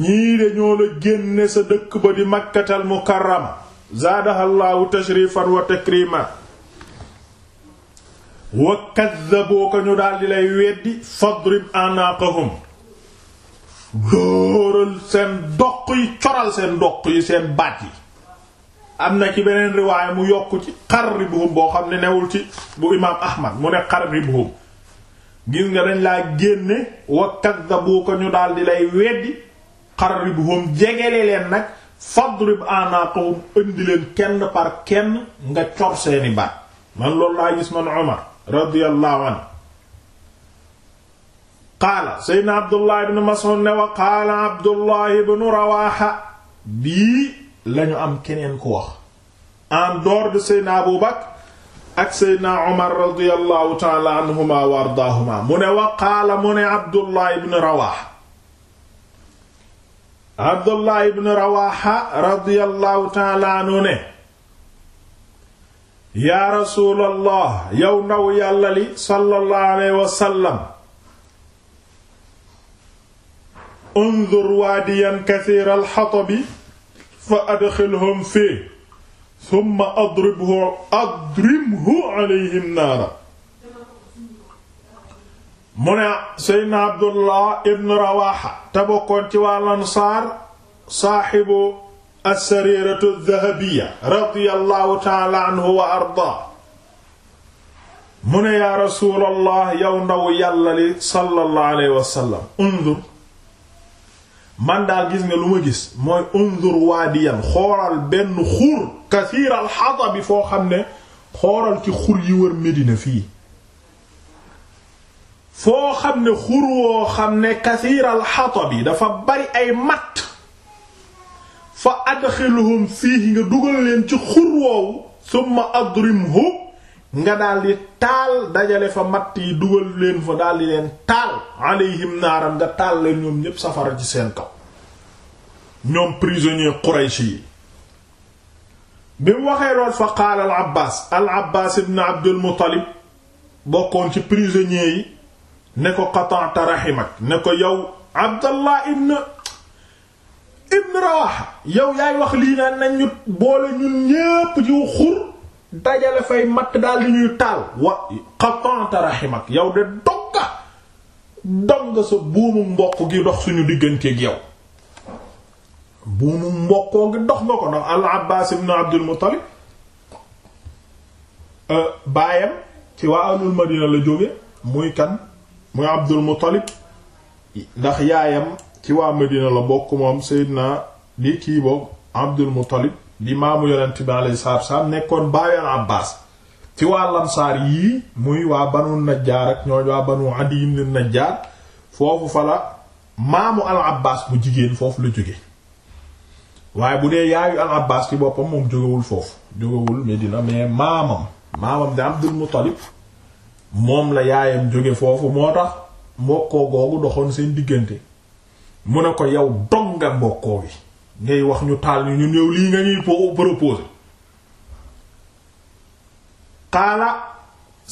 ñii de ñoo la génne sa dëkk ba di makkatal mukarrama zaadahallaahu tashrifan wa takrima wa kaddabuuka ñu daldi lay weddi fadrib a'naqahum dóoral seen doq yi coral seen doq yi seen baat yi am na ci beneen riwaaya mu yokk ci xarribuhum boo xam ne newul ci bu imaam ahmad mu ne xarribuhum gis nga dañ laa génne wa kaddabu ko ñu daal lay weddi xarribuhum jegele leen nag fadrib anaqahum indi leen kenn par kenn nga cor seeni baat man loolu laa gis man radiyallahu anhu qaala seydna abdullah ibn mas'ud ne wa qaala abdullah ibn rawaha bii lañu am keneen ku wax en dehors de seydna abu bakr ak seydna omar radiyallahu taala anhuma wa ardaahuma mu ne wa qaala mu ne abdullah ibn rawaha abdullah ibn rawaha radiyallahu taala anhu ne yaa rasuulallah yow ndaw yàlla li sallallahu alayhi wa sallam unzur waadiyan kasiir alxatabi fa adxilhum fii summa adribhu adrimhu alayhim naara mu ne seydna abdullah ibn rawaxa te bokkoon ci waa lansaar saaxibu assariiratu dahabiya radiyallahu taala anhu wa ardaa mu ne yaa rasuulallah yow ndaw yàlla li sallallahu alayhi wa sallam unzur man daal gis nga lu ma gis mooy unzur waadiyan xoolal benn xur kasiiral xada bi foo xam ne xoolal ci xur yi wër Medina fii foo xam ne xur woo xam ne kasiiral xata bi dafa bari ay matt fa adxilhum fiihi nga dugal leen ci xur woowu summa adrimhu nga daldi taal dajale fa matt yi dugal leen fa daldi leen taal alayhim naaram nga taal leen ñoom ñépp safara ci seen kaw ñoom prisonnier Quraysh yi bi mu waxee lool fa qaala al Abbaas al Abbaas ibn Abdul Muttalib bokkoon ci prisonnier yi ne ko qata'ta rahimak ne ko yow Abdallah ibn ibn Rawaha yow yaay wax lii naan nañ boole ñun ñépp jiw xur dajale fay matt daal li ñuy taal wa qata'ta rahimak yow de dogga dogga sa buumu mbokk gi dox suñu digganteeg yow buumu mbokkoo ngi dox nga ko ndax al abbas ibn abdul muttalib euh, baayam ci waa alul madina la jóge muy kan muy abdul muttalib ndax yaayam ci waa madina la bokk moom sayyidna li kii boobu abdul muttalib li maamu yonent bi alayhi salaatu nekkoon baayu al Abbaas ci waa lansaar yii muy waa banu najjaar ak ñooñ waa banu adi najjaar foofu fa la maamu al Abbaas bu jigéen foofu la jóge waaye bu dee yaayu al Abbaas ci boppam moom jógewul foofu jógewul Medina mais maamam maamam di Abdul Muttalib moom la yaayam jóge foofu moo tax mbokkoo googu doxoon seen diggante mu ne ko yow dong mbokkoo gi ngay wax ñu taal ñu ñun yow lii nga ñuy proposé xaala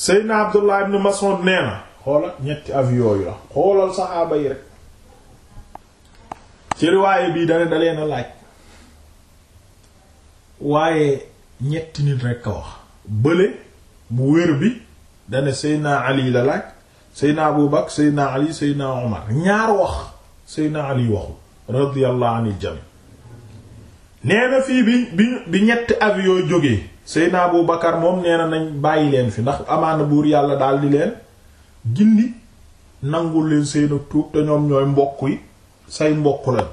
Seydina Abdullah ibn Mas'ud nee na xoolal ñetti avion yu la xoolal saxaaba yi rek ci riwaaye bii dane da leen laaj waaye ñetti nit rek ka wax bële bu wér bi dane Seydina Ali la laaj na Abu Bakr Seydina Ali Seydina Omar ñaar wax Seydina Ali waxu radiyallahu anil jami nee na fii bi bi bi ñetti avion jógee Seydina Abu Bakar moom nee na nañ bàyyi leen fi ndax amaana buur yàlla daal di leen gindi nangul leen seenu tuub te ñoom ñooy mbokk yi say mbokk lañ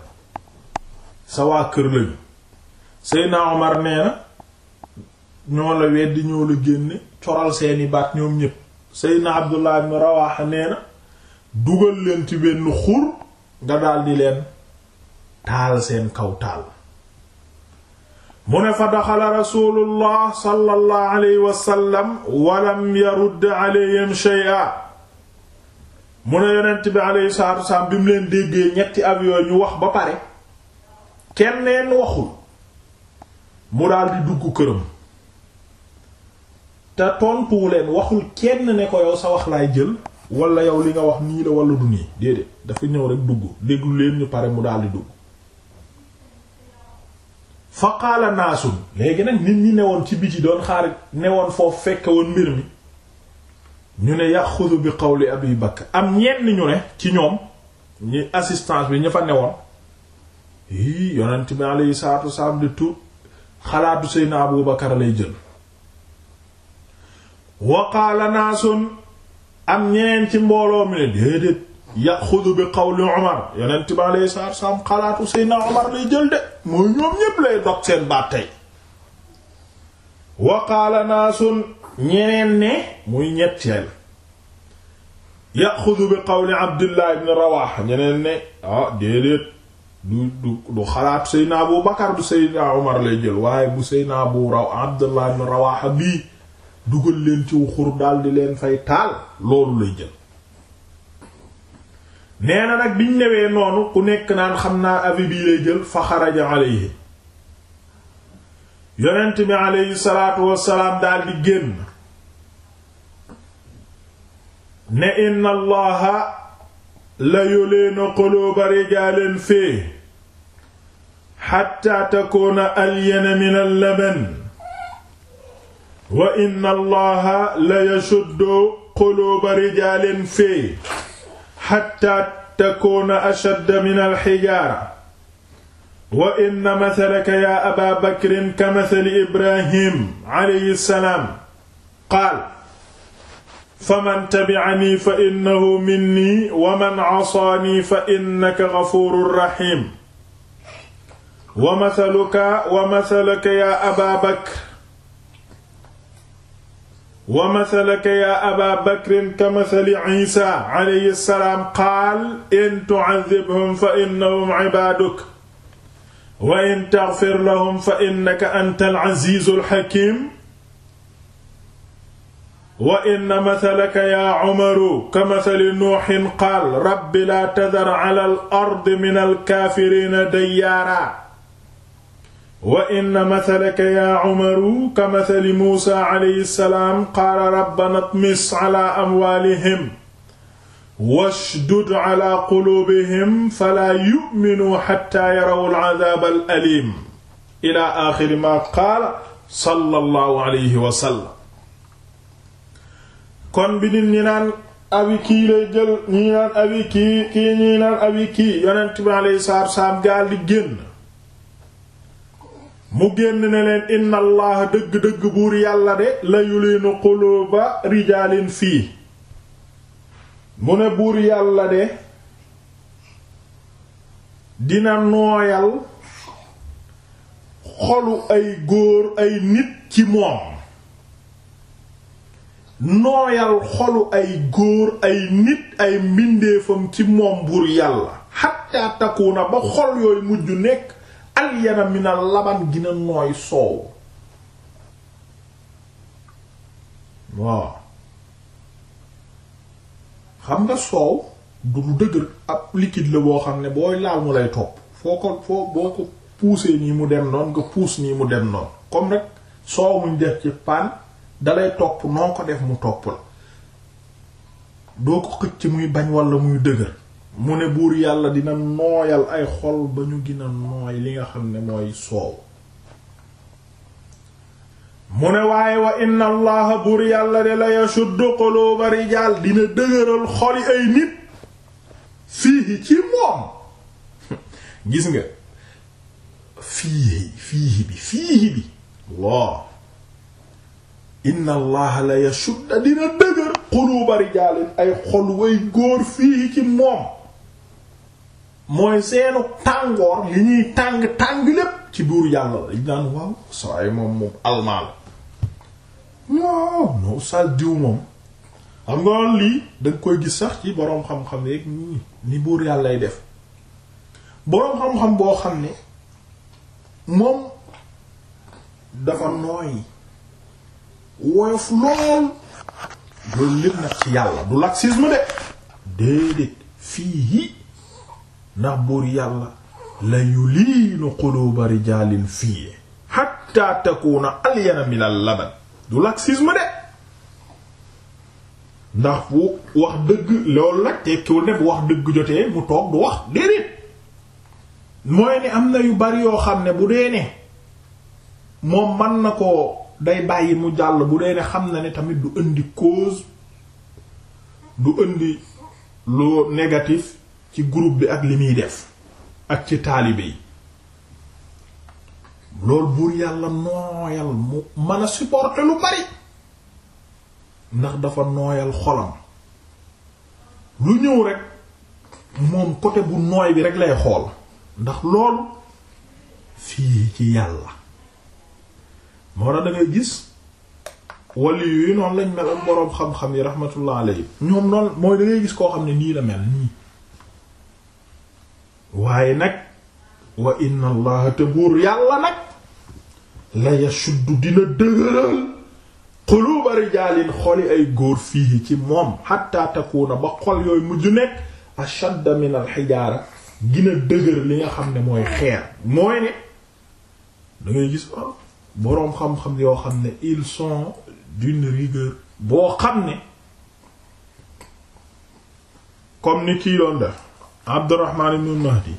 sa waa kër lañu Seydina Omar na ñoom ñépp Seydina Abdullah ibn Rawaha dugal leen ci benn xur nga daal di leen taal seen kaw taal mu ne fa daxala rasulullah sallallahu alayhi wasallam walam yarudd alayhim shay'a mu ne yonent bi alayhi salaatu wasalaam bi mu leen déggee ñetti avion ñu wax ba pare kenn leen waxul mu daal di dugg këram te tontuwu leen waxul kenn ne ko yow sa wax laay jël wala yow li nga wax nii la wala du déedéet dafa ñëw rek dugg déglu leen ñu pare mu daal di dugg fa qaala naasun léegi nag nit ñi woon ci biti doon xaarit newoon foofu fekke woon mbir mi ñu ne yaxudu bi qawli abi bakr am ñenn ñu ne ci ñoom ñi assistance bi ñu fa newoon yii yonent bi alayhi salaatu wasalaam di tu xalaatu seyna abu bakar lay jël wa qaala naasun am ñeneen ci mbooloo mi ne déedéet yaxudu bi qawli Umar yonent bi alayhi salaatu xalaatu Seydina Umar lay jël de mooy ñoom ñépp lay dog seen baat tey wa qaala naasun ñeneen ne muy ñetteel yaxudu bi qawli Abdullah ibn Rawaaha ñeneen ne ah déedéet du du du xalaatu Seydina Abu Bakar du Seydina Umar lay jël waaye bu Seydina Abu Raw Abdullah ibn Rawaaha bii dugal leen ci xur daal di leen fay taal loolu lay jël nee na nag biñ newee noonu ku nekk naan xam naa avis bi lay jël fa xaraja alayhi yonent bi alayhi salaatu wassalaam daal di génn ne inna allaha la yuleena quluuba rijaalin fii xatta takuuna alyana min allaban wa inna allaha la yashuddu quluuba rijaalin fii xatta takuuna ashadda min alxijaara wa inna mathalaka yaa aba bakrin ka mathali ibrahim alayhi salaam qaal faman tabicanii fa innahu minnii wa man casaanii fa innaka gafuurun raxiim wa mathaluka wa mathaluka yaa aba bakr wa mathalaka yaa aba bakrin ka mathali isa alayhi salaam qaal in tu'adhibhum fa innahum ibaaduk wa in taghfir lahum fa innaka antal azizul hakim wa inna mathalaka yaa umaru ka mathali nuuhin qaal rabbi laa tadhar ala al ardi min al kaafiriina dayyaaraa wa inna mathalaka yaa umaru ka mathali muusa alayhi salaam qaala rabbana tmis ala amwaalihim washdud ala quluubihim falaa yu'minuu hattaa yarawul azaabal aliim ilaa aaxiri maa qaala sallallahu alayhi wa sallam kon bi nit ñi naan abi kii lay jël ñi naan abi kii kii ñi naan abi kii yonent bi alayhi salaatu wa salaam gaal di génn mu génn ne leen inna dëgg-dëgg buur yàlla de la yulinu ba rijaalin fii mu ne buur yàlla de dina nooyal xolu ay góor ay nit ci moom nooyal xolu ay góor ay nit ay mbindeefam ci moom buur yàlla xatta takkuuna ba xol yooyu mujj nekk alyana min al laban gina nooy soow waaw xam nga soow du lu dëgër ab liquide la boo xam ne booy laal mu lay topp foo ko foo boo ko puusee nii mu dem noonu nga puus nii mu dem noonu comme rek soow muñ def ci paan dalay topp noo ko def mu topp la doo ko xëcc muy bañ walla muy dëgër mu ne buur yàlla dina nooyal ay xol ba ñu gën nooy li nga xam ne mooy soow mu ne waaye wa inna allaha buur yàlla de la yashuddu quluba rijaal dina dëgëral xoli ay nit fiihi ci moom gis nga fiihi fiihi bi fiihi bi Allah inna allaha la yashudda dina dëgër quluba rijaalin ay xol way góor fiihi ci moom mooy seenu tàngoor li ñuy tàng tàng lépp ci buur yàlla la ñu naan waaw saa yi moom moom almaa la non saa diw moom xam nga lii danga koy gis sax ci boroom xam-xam yeeg ni buur yàllay def boroom xam-xam boo xam ne moom dafa nooy woyof lool loolu lépp nag ci yàlla du laxisme de déedéet fii. ndax buur yàlla la yuliinu quluba rijalin fii hatta takuna alyana min al-laban du laxisme de ndax bu wax dëgg loolu nag tekkiwul ne bu wax dëgg jotee mu toog du wax déedéet mooy ne am na yu bari yoo xam ne bu dee ne moom mën na ko day bàyyi mu jàll bu dee ne xam na ne tamit du indi cause du indi lu négatif ci group bi ak li muy def ak ci taalibe yi loolu buur yàlla nooyal mu mën a supporter lu bari ndax dafa nooyal xolam lu ñëw rek moom côté bu nooy bi rek lay xool ndax lool fii ci yàlla moo tax da ngay gis wali yooyu noonu lañ mel ak boroom xam-xam yi rahmatullah alayhi ñoom noonu mooy da gis koo xam ne nii la mel nii waaye nag wa inna allaha te buur yàlla nag la yashuddu dina dëgëral quluba rijaalin xoli ay góor fii ci moom xatta takuuna ba xol yooyu mujj nekk ashadda min al xijaara gina dëgër li nga xam ne mooy xeer mooy ne da ngay gis ah, boroom xam-xam yoo xam ne ils sont d'une rigueur boo xam ne comme ni kii doon def Abdurrahman ibn Mahdi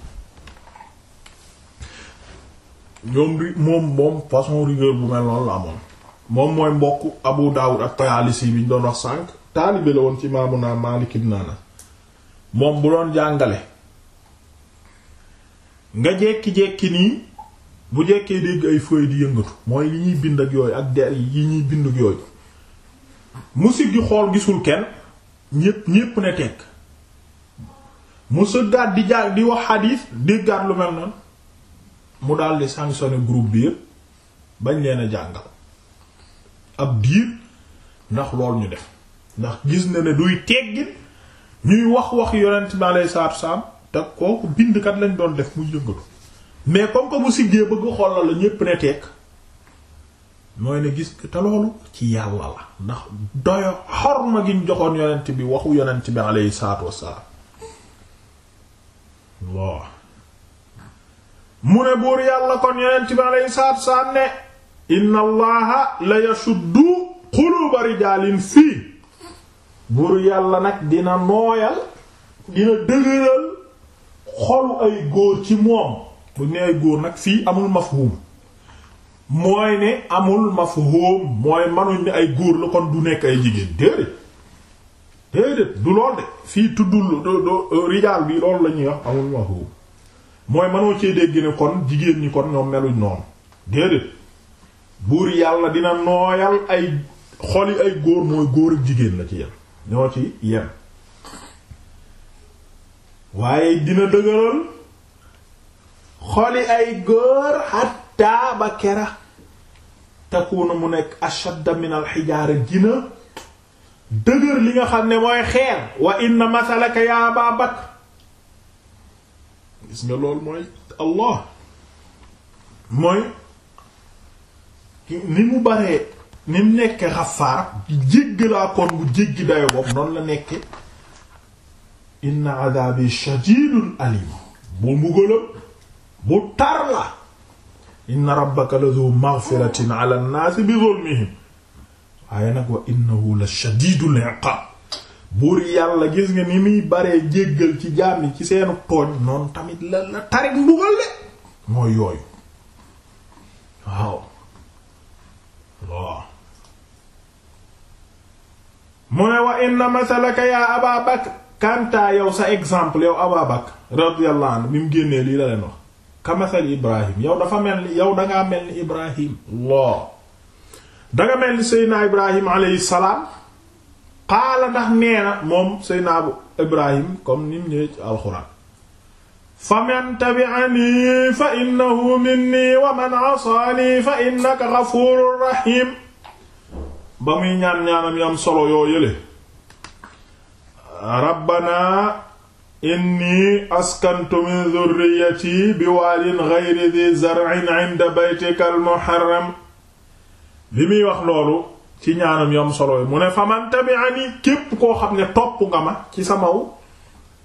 ñoom bi moom moom façon rigueur bu mel la amoon moom mooy mbokk Abu Dawud ak Tayalisi bi doon wax sànq la woon ci maamu naa Maalik ibn Anas moom bu doon jàngale nga jekki-jekki nii bu jekkee dégg ay feuilles di yëngatu mooy li ñuy bind ak yooyu ak der yi ñuy bind ak yooyu musique gi xool gisul kenn ñépp ñépp ne tekk mu sëggaat di jaar di wax xadiis déggaat lu mel noonu mu daldi sanctionné groupe bi yëpp bañ leen a jàngal ab diir ndax lool ñu def ndax gis na ne duy tegg ñuy wax wax yonent bi alayhi salaatu salaam te kooku bindkat lañ doon def mu yëngatu mais comme que bu siggee bëgg xoolal la ñépp ne teeg mooy ne gis te loolu ci yàlla la ndax doyo xorma gi ñu joxoon yonent bi waxu yonent bi alayhi salaatu wassalaam Allah mu ne buur yàlla kon yonent bi aleyhi salaatu salaam ne inna allaha la yashuddu quluba rijaalin fii buur yàlla nag dina nooyal dina dëgëral xolu ay góor ci moom bu ne ay góor nag fii amul mafhum mooy ne amul mafhum mooy manuñ ne ay góor la kon du nekk ay jigéen déedéet déedéet du lool de fii tuddul rijaal bi loolu la ñuy wax amul mooy mënoo cee dégg ne kon jigéen ñi kon ñoom meluñ noonu déedéet buur yàlla dina nooyal ay xoli ay góor mooy góor ak jigéen la ci yem ñoo ci yem waaye dina dëgëral xoli ay góor hatta ba kera takuna mu nekk ashadda min al hijaara dina dëgër li nga xam ne mooy xeer wa inna masalaka ya Aba Bakr gis mooy Allah mooy ni mu baree ni nekke xafaar jéggi laa kon bu jéggi dayo bopp noonu la nekke inna adabi shadidun alim bu mbugalam bu tar la inna rabbaka la zu maghfiratin ala an bi zulmihim waaye nag wa innahu la shadidul iqab buur yàlla gis nga ni muy baree jéggal ci jaam yi ci seenu tooñ noonu tamit la la tarik mbugal de mooy yooyu waaw mu ne wa inna masalaka yaa Aba Bakr kanta sa exemple yow Aba Bakr radiyallahu anhu mu génnee lii la leen wax ka masal Ibrahim yow dafa mel ni yow dangaa mel ni Ibrahim Allah danga mel ni seydna ibrahim alayhi salaam xaala ndax nee na moom seydna ibrahim comme nim ñëwee ci alxuraan fa man tabi'ani fa innahu minni wa man asaani fa innaka ghafurur rahim ba muy ñaan ñaanam yam solo yoo yële rabbana inni askantu min dhurriyyati bi waalin ghayri dhi zar'in 'inda baytikal muharram bi muy wax loolu ci ñaanam yom solo yi mu ne faman tabi'ani képp koo xam ne topp nga ma ci samaw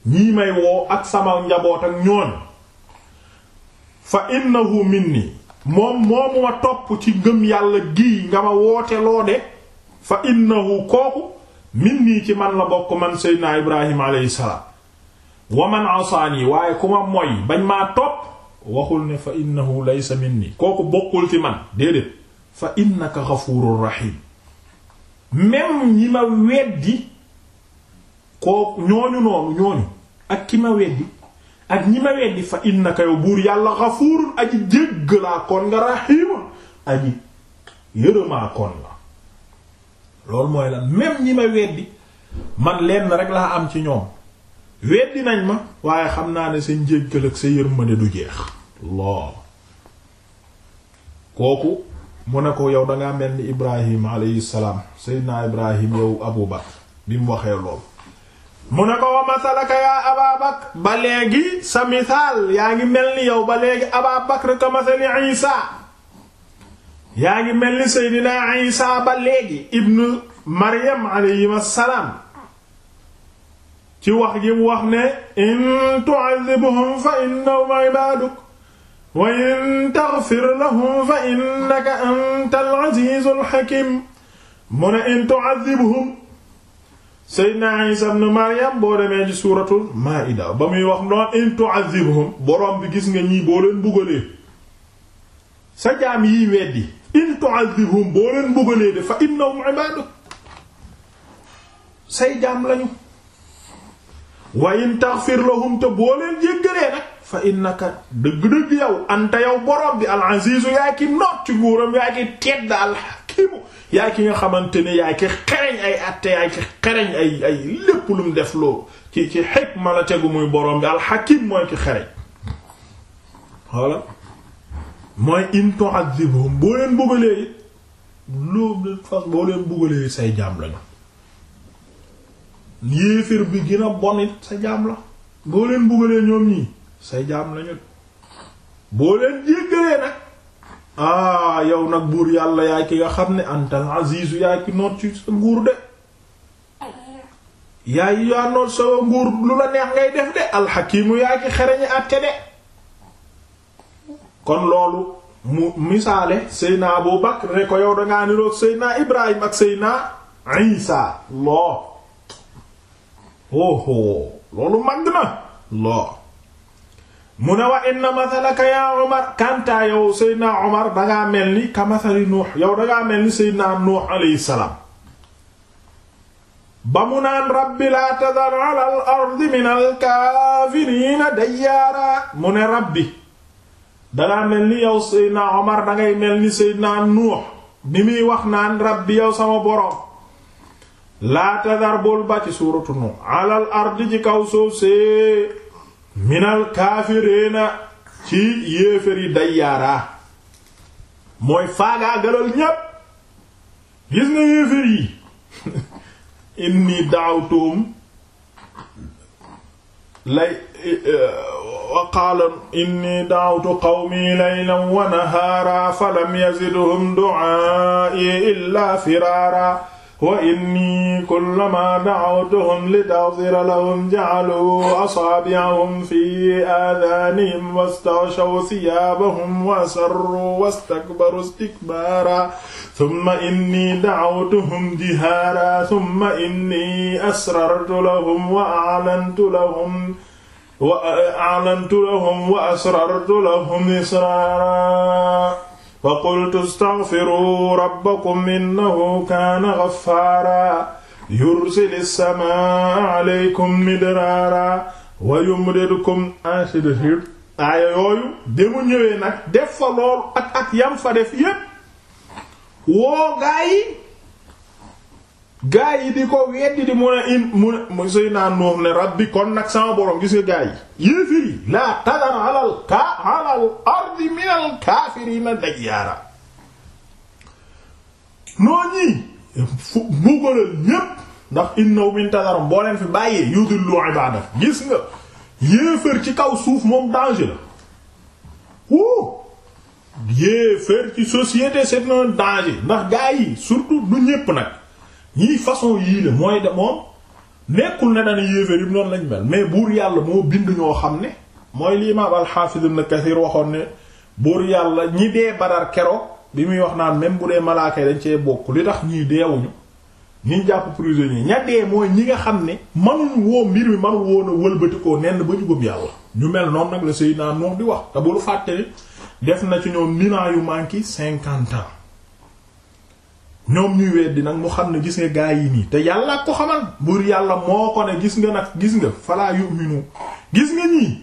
ñii may woo ak sama njaboot ak ñoon fa innahu minni moom moomu ma topp ci ngëm yàlla gii nga ma woote loo de fa innahu kooku minni ci man la bokk man seydina ibrahim alayhi salaam wa man asaani waaye ku ma moy bañ maa topp waxul ne fa innahu laysa minni kooku bokkul ci man déedéet fa innaka ghafurur rahim même ñi ma weddi kooku ñooñu noonu ñooñu ak ki ma weddi ak ñi ma weddi fa innaka yow buur yàlla ghafurun aji jéggalaa koon nga rahima aji yërëmaa koon la loolu mooy la même ñi ma weddi man lenn rek laa am ci ñoom weddi nañ ma waaye xam naa ne sa njéggal ak sa yërmande du jeex lool kooku mu ne ko yow dangaa mel ni ibrahim alayhi salaam seydinaa ibrahim yow abu bakr bi mu waxee lool mu ne ko wa masalaka yaa aba bakr ba léegi sa misaal yaa ngi mel ni yow ba léegi aba bakr ka masali isa yaa ngi mel ni seydinaa isa ba léegi ibnu maryam alayhi salaam ci wax gi mu wax ne in tu'adhibuhum fa innahum ibaduk wa in taghfir lahum fa innaka antal azizul hakim mu ne in tu'adhibhum Seydina Isa ibn Maryam boo demee ci suuratul Maa'ida ba muy wax noon in tu'adhibhum borom bi gis nga ñii boo leen mbugalee sa jaam yiy weddi in tu'adhibhum boo leen mbugalee de fa innahum ibaaduk say jaam lañu wa in taghfir lahum te boo leen jéggalee nag fa innaka dëgg-dëgg yow anta yow borom bi al-azizu ki noot ci nguuram yaa ki tedd al-hakimu ki nga xamante ne ki xereñ ay atte yaa ki xereñ ay ay lépp lu mu def loolu ci ci hikma la tegu muy borom bi al-hakim mooy ki xereñ voilà mooy in tu'adhibhum boo leen bëggalee it loolu fas boo leen bëggalee say jaam lañu yéeféer bi gën a bon sa jaam la boo leen bëggalee ñoom ñii say jaam lañu boo leen jéggalee nag ah yow nag buur yàlla yaay ki nga xam ne antal azizu yaay ki noot ci nguur de yaay yaa noot sa nguur lu la neex ngay def de alxakimu yaay ki xereñi àtte de kon loolu mu misaale seyna Abu Bakr ne ko yow dangaa niroog seyna Ibrahim ak seyna Isa loo loolu màgg na loo mu ne wa inna mathalaka ya Umar kanta yow Seydina Umar dangaa mel ni ka mathali Nuux yow dangaa mel ni Seydina Nuux alayhi ba mu naan rabbi laa tadar ala al mu ne rabbi dangaa mel ni yow Seydina Umar dangay mel ni Seydina Nuux bi wax naan rabbi yow sama boroom laa tadar bul ba ci suuratu Nuux ala ci kaw minal kaafiriina ci yéefér yi dayyaaraa mooy faagaagalal ñépp gis nga yéefér yi inni da'awtuhum lay eh, eh, wa qaala inni da'awtu qawmi laylan wa nahaara falam yazidhum du'aa'i illaa firaaraa wa inni kullama da'awtuhum litaghfira lahum ja'alu asaabi'ahum fi aadaanihim wastaghshaw thiyaabahum wa asarru wastakbaru istikbaara thumma inni da'awtuhum jihaara thumma inni asrartu lahum wa a'lantu lahum wa a'lantu lahum wa asrartu lahum israara fa qultu astaghfiruu rabbakum innahu kaana ghaffaaraa yursili samaa aleykum midraaraa wa yumdidkum ainsi de suite aaya yooyu demu ñëwee nag def fa loolu ak ak yam fa def yépp woo gaa yi gaa yi di ko weddi di mun a in mun a mu sëy naa noof ne rabbi kon nag sama borom gis nga gaa yi yéefiri laa tadar alal kaa alal ardi minal kaafiriina dayyaara noo ñii fu mbugalal ñépp ndax innaw min tadarum boo leen fi bàyyee yudillu ibaada gis nga yéefër ci kaw suuf moom danger la wuu yéefër ci société c'est un danger ndax gaa yi surtout du ñépp nag ñii façon yii la mooy de moom nekkul ne dana yéeféer yi noonu lañ mel mais buur yàlla moo bind ñoo xam ne mooy lii ma al-Hafiz Ibn Kathir waxoon ne buur yàlla ñi dee Badar keroog bi muy wax naan même bu dee malaaka yi dañ cee bokk li tax ñii deewuñu ñu jàpp prisonnier ña dee mooy ñi nga xam ne manuñ woo mbir mi manu woon a wëlbatikoo nenn ba ñu gëm yàlla ñu mel noonu nag la Seydina Nuh di wax te bul fàtte def na ci ñoom nina yu manqué cinquante ans ñoom ñuy weddi nag mu xam ne gis nga gaa yi nii te yàlla ko xamal buur yàlla moo ko ne gis nga nag gis nga falaa yu'minu gis nga ñii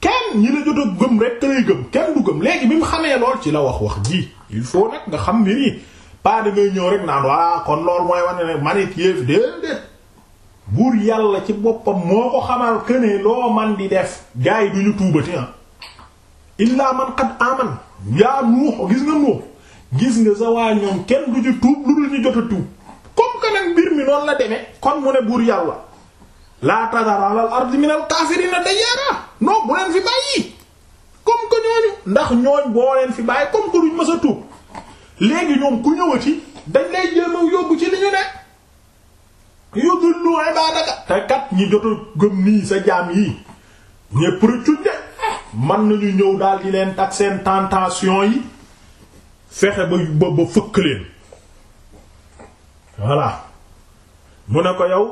kenn ñi la jot a gëm rek te gëm kenn du gëm léegi bi mu xamee lool ci la wax wax jii il faut nag nga xam mbir yi pas da ngay ñëw rek naan waa kon lool mooy wane ne manit yéef déedéet buur yàlla ci boppam moo ko xamal que ne loo man di def gaa yi du ñu tuubati ah illaa man qad aman yaa nuux gis nga nuux gis nga sa waa ñoom kenn du ci tuub lu dul ñu jot a tuub comme que nag mbir mi noonu la demee kon mu ne buur yàlla laa tadar alal ardi minal kaafirina dayyaara non leen fi bàyyi comme que ñooñu ndax ñooñ boo leen fi bàyyi comme que duñ mës a tuub léegi ñoom ku ñëwati dañ lay jéem a yóbbu ci li ñu ne yudullu ibaadaka te kat ñi jot a gëm nii sa jaam yi ñépp rëccuñ de man nañu ñëw daal di leen tak seen tentation yi fexe ba ba fëkk leen voilà mu ne ko yow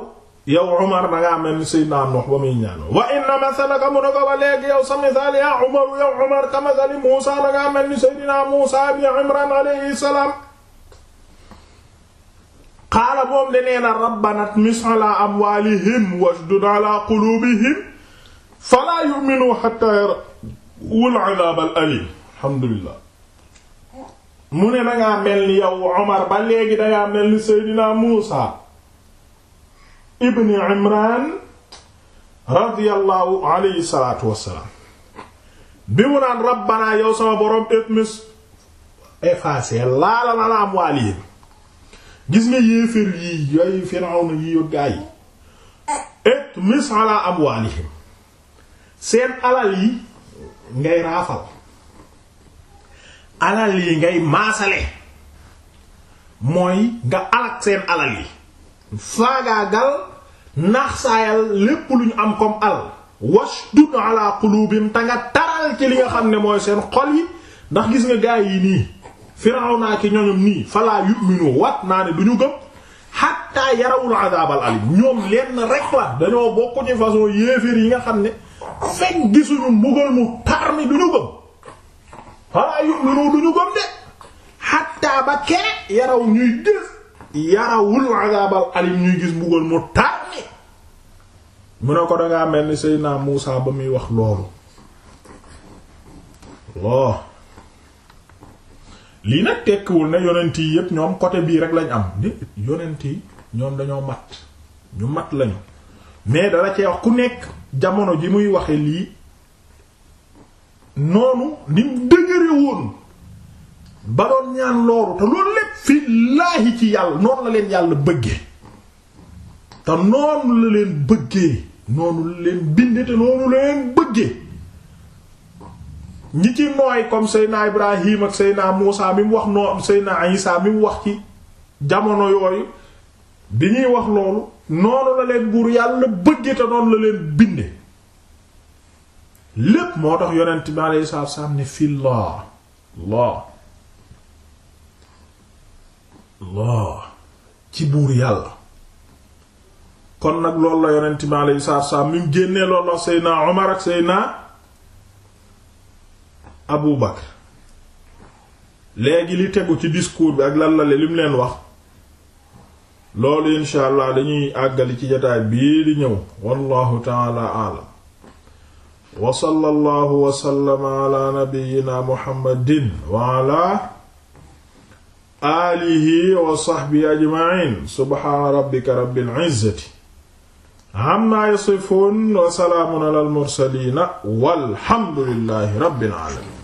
yow Umar dangaa mel ni Seydina Nuh ba muy ñaan wa inna mathalaka mu ne ko ba léegi yow sa misaal yaa Umar yow Umar ka mathali Muusa dangaa mel ni Seydina Muusa ibn Imran alayhi salaam qaala moom de nee na rabbana tmis ala amwaalihim washdud ala quluubihim falaa yu'minuu hattaa yarawul adaabal aliim alhamdulillah mu ne dangaa mel ni yow Omar ba léegi dangaa mel ni Seydina Muusa ibn Imran radiyallahu alayhi salaatu wassalaam bi mu naan rabbanaa yow sama borom etmis effacé laala na la am gis nga yéefér yi yooyu Firawna yi yo gaa yi etmis ala alal yi ngay raafal alal yi ngay maasale mooy nga alak seen alal yi faagaagal naax saayal lépp lu ñu am comme alal washdud ala qulubim te nga taral ci li nga xam ne mooy seen xol yi ndax gis nga gaay yi nii Firawna ki ñoñom nii falaa yu'minu wat naa ne du ñu gëm hatta yarawul adabal alim ñoom lenn rek la dañoo bokk façon yéeféer yi nga xam ne fekk gisuñu mbugal mu tar mi du ñu gëm walla yu'minu duñu gëm de xatta ba kere yaraw ñuy gis yarawul azabal alim ñuy gis mbugal mu tar ni mu ko dangaa mel ni naa Muusa ba muy wax loolu loo lii nag tekkiwul ne yonent yi yépp ñoom côté bii rek lañ am yonent yi ñoom dañoo mat ñu mat lañu mais dala cee wax ku nekk jamono ji muy waxe lii noonu ni mu dëgëre woon ba doon ñaan loolu te loolu lépp fi ci yàlla noonu la leen yàlla bëggee te noonu la leen bëggee noonu la leen bindee te noonu la leen bëggee ñi ci nooy comme Seyna Ibrahim ak Seyna Moussa mi mu wax noo am Seyna Isa mi mu wax ci jamono yooyu bi ñuy wax loolu noonu la leen buur yàlla bëggee te noonu la leen bindee. lépp moo tax yonent bi alayhi salaatu salaam ne fillah Allah Allah ci buur yàlla kon nag loolu la yonent bi alayhi salaatu salaam mi mu génnee loolu la Seydina Omar ak Seydina Abu Bakr léegi li tegu ci discours bi ak lan la lim leen wax loolu insha dañuy àggali ci jotaay bii li ñëw wallahu taala alam wa sallallahu wa sallama ala nabiyyina muhammadin wa ala alihi wa sahbihi ajma'in subhaana rabbika rabbil izzati amma yasifun wa salaamun ala al mursaliina walhamdulillahi rabbil alamin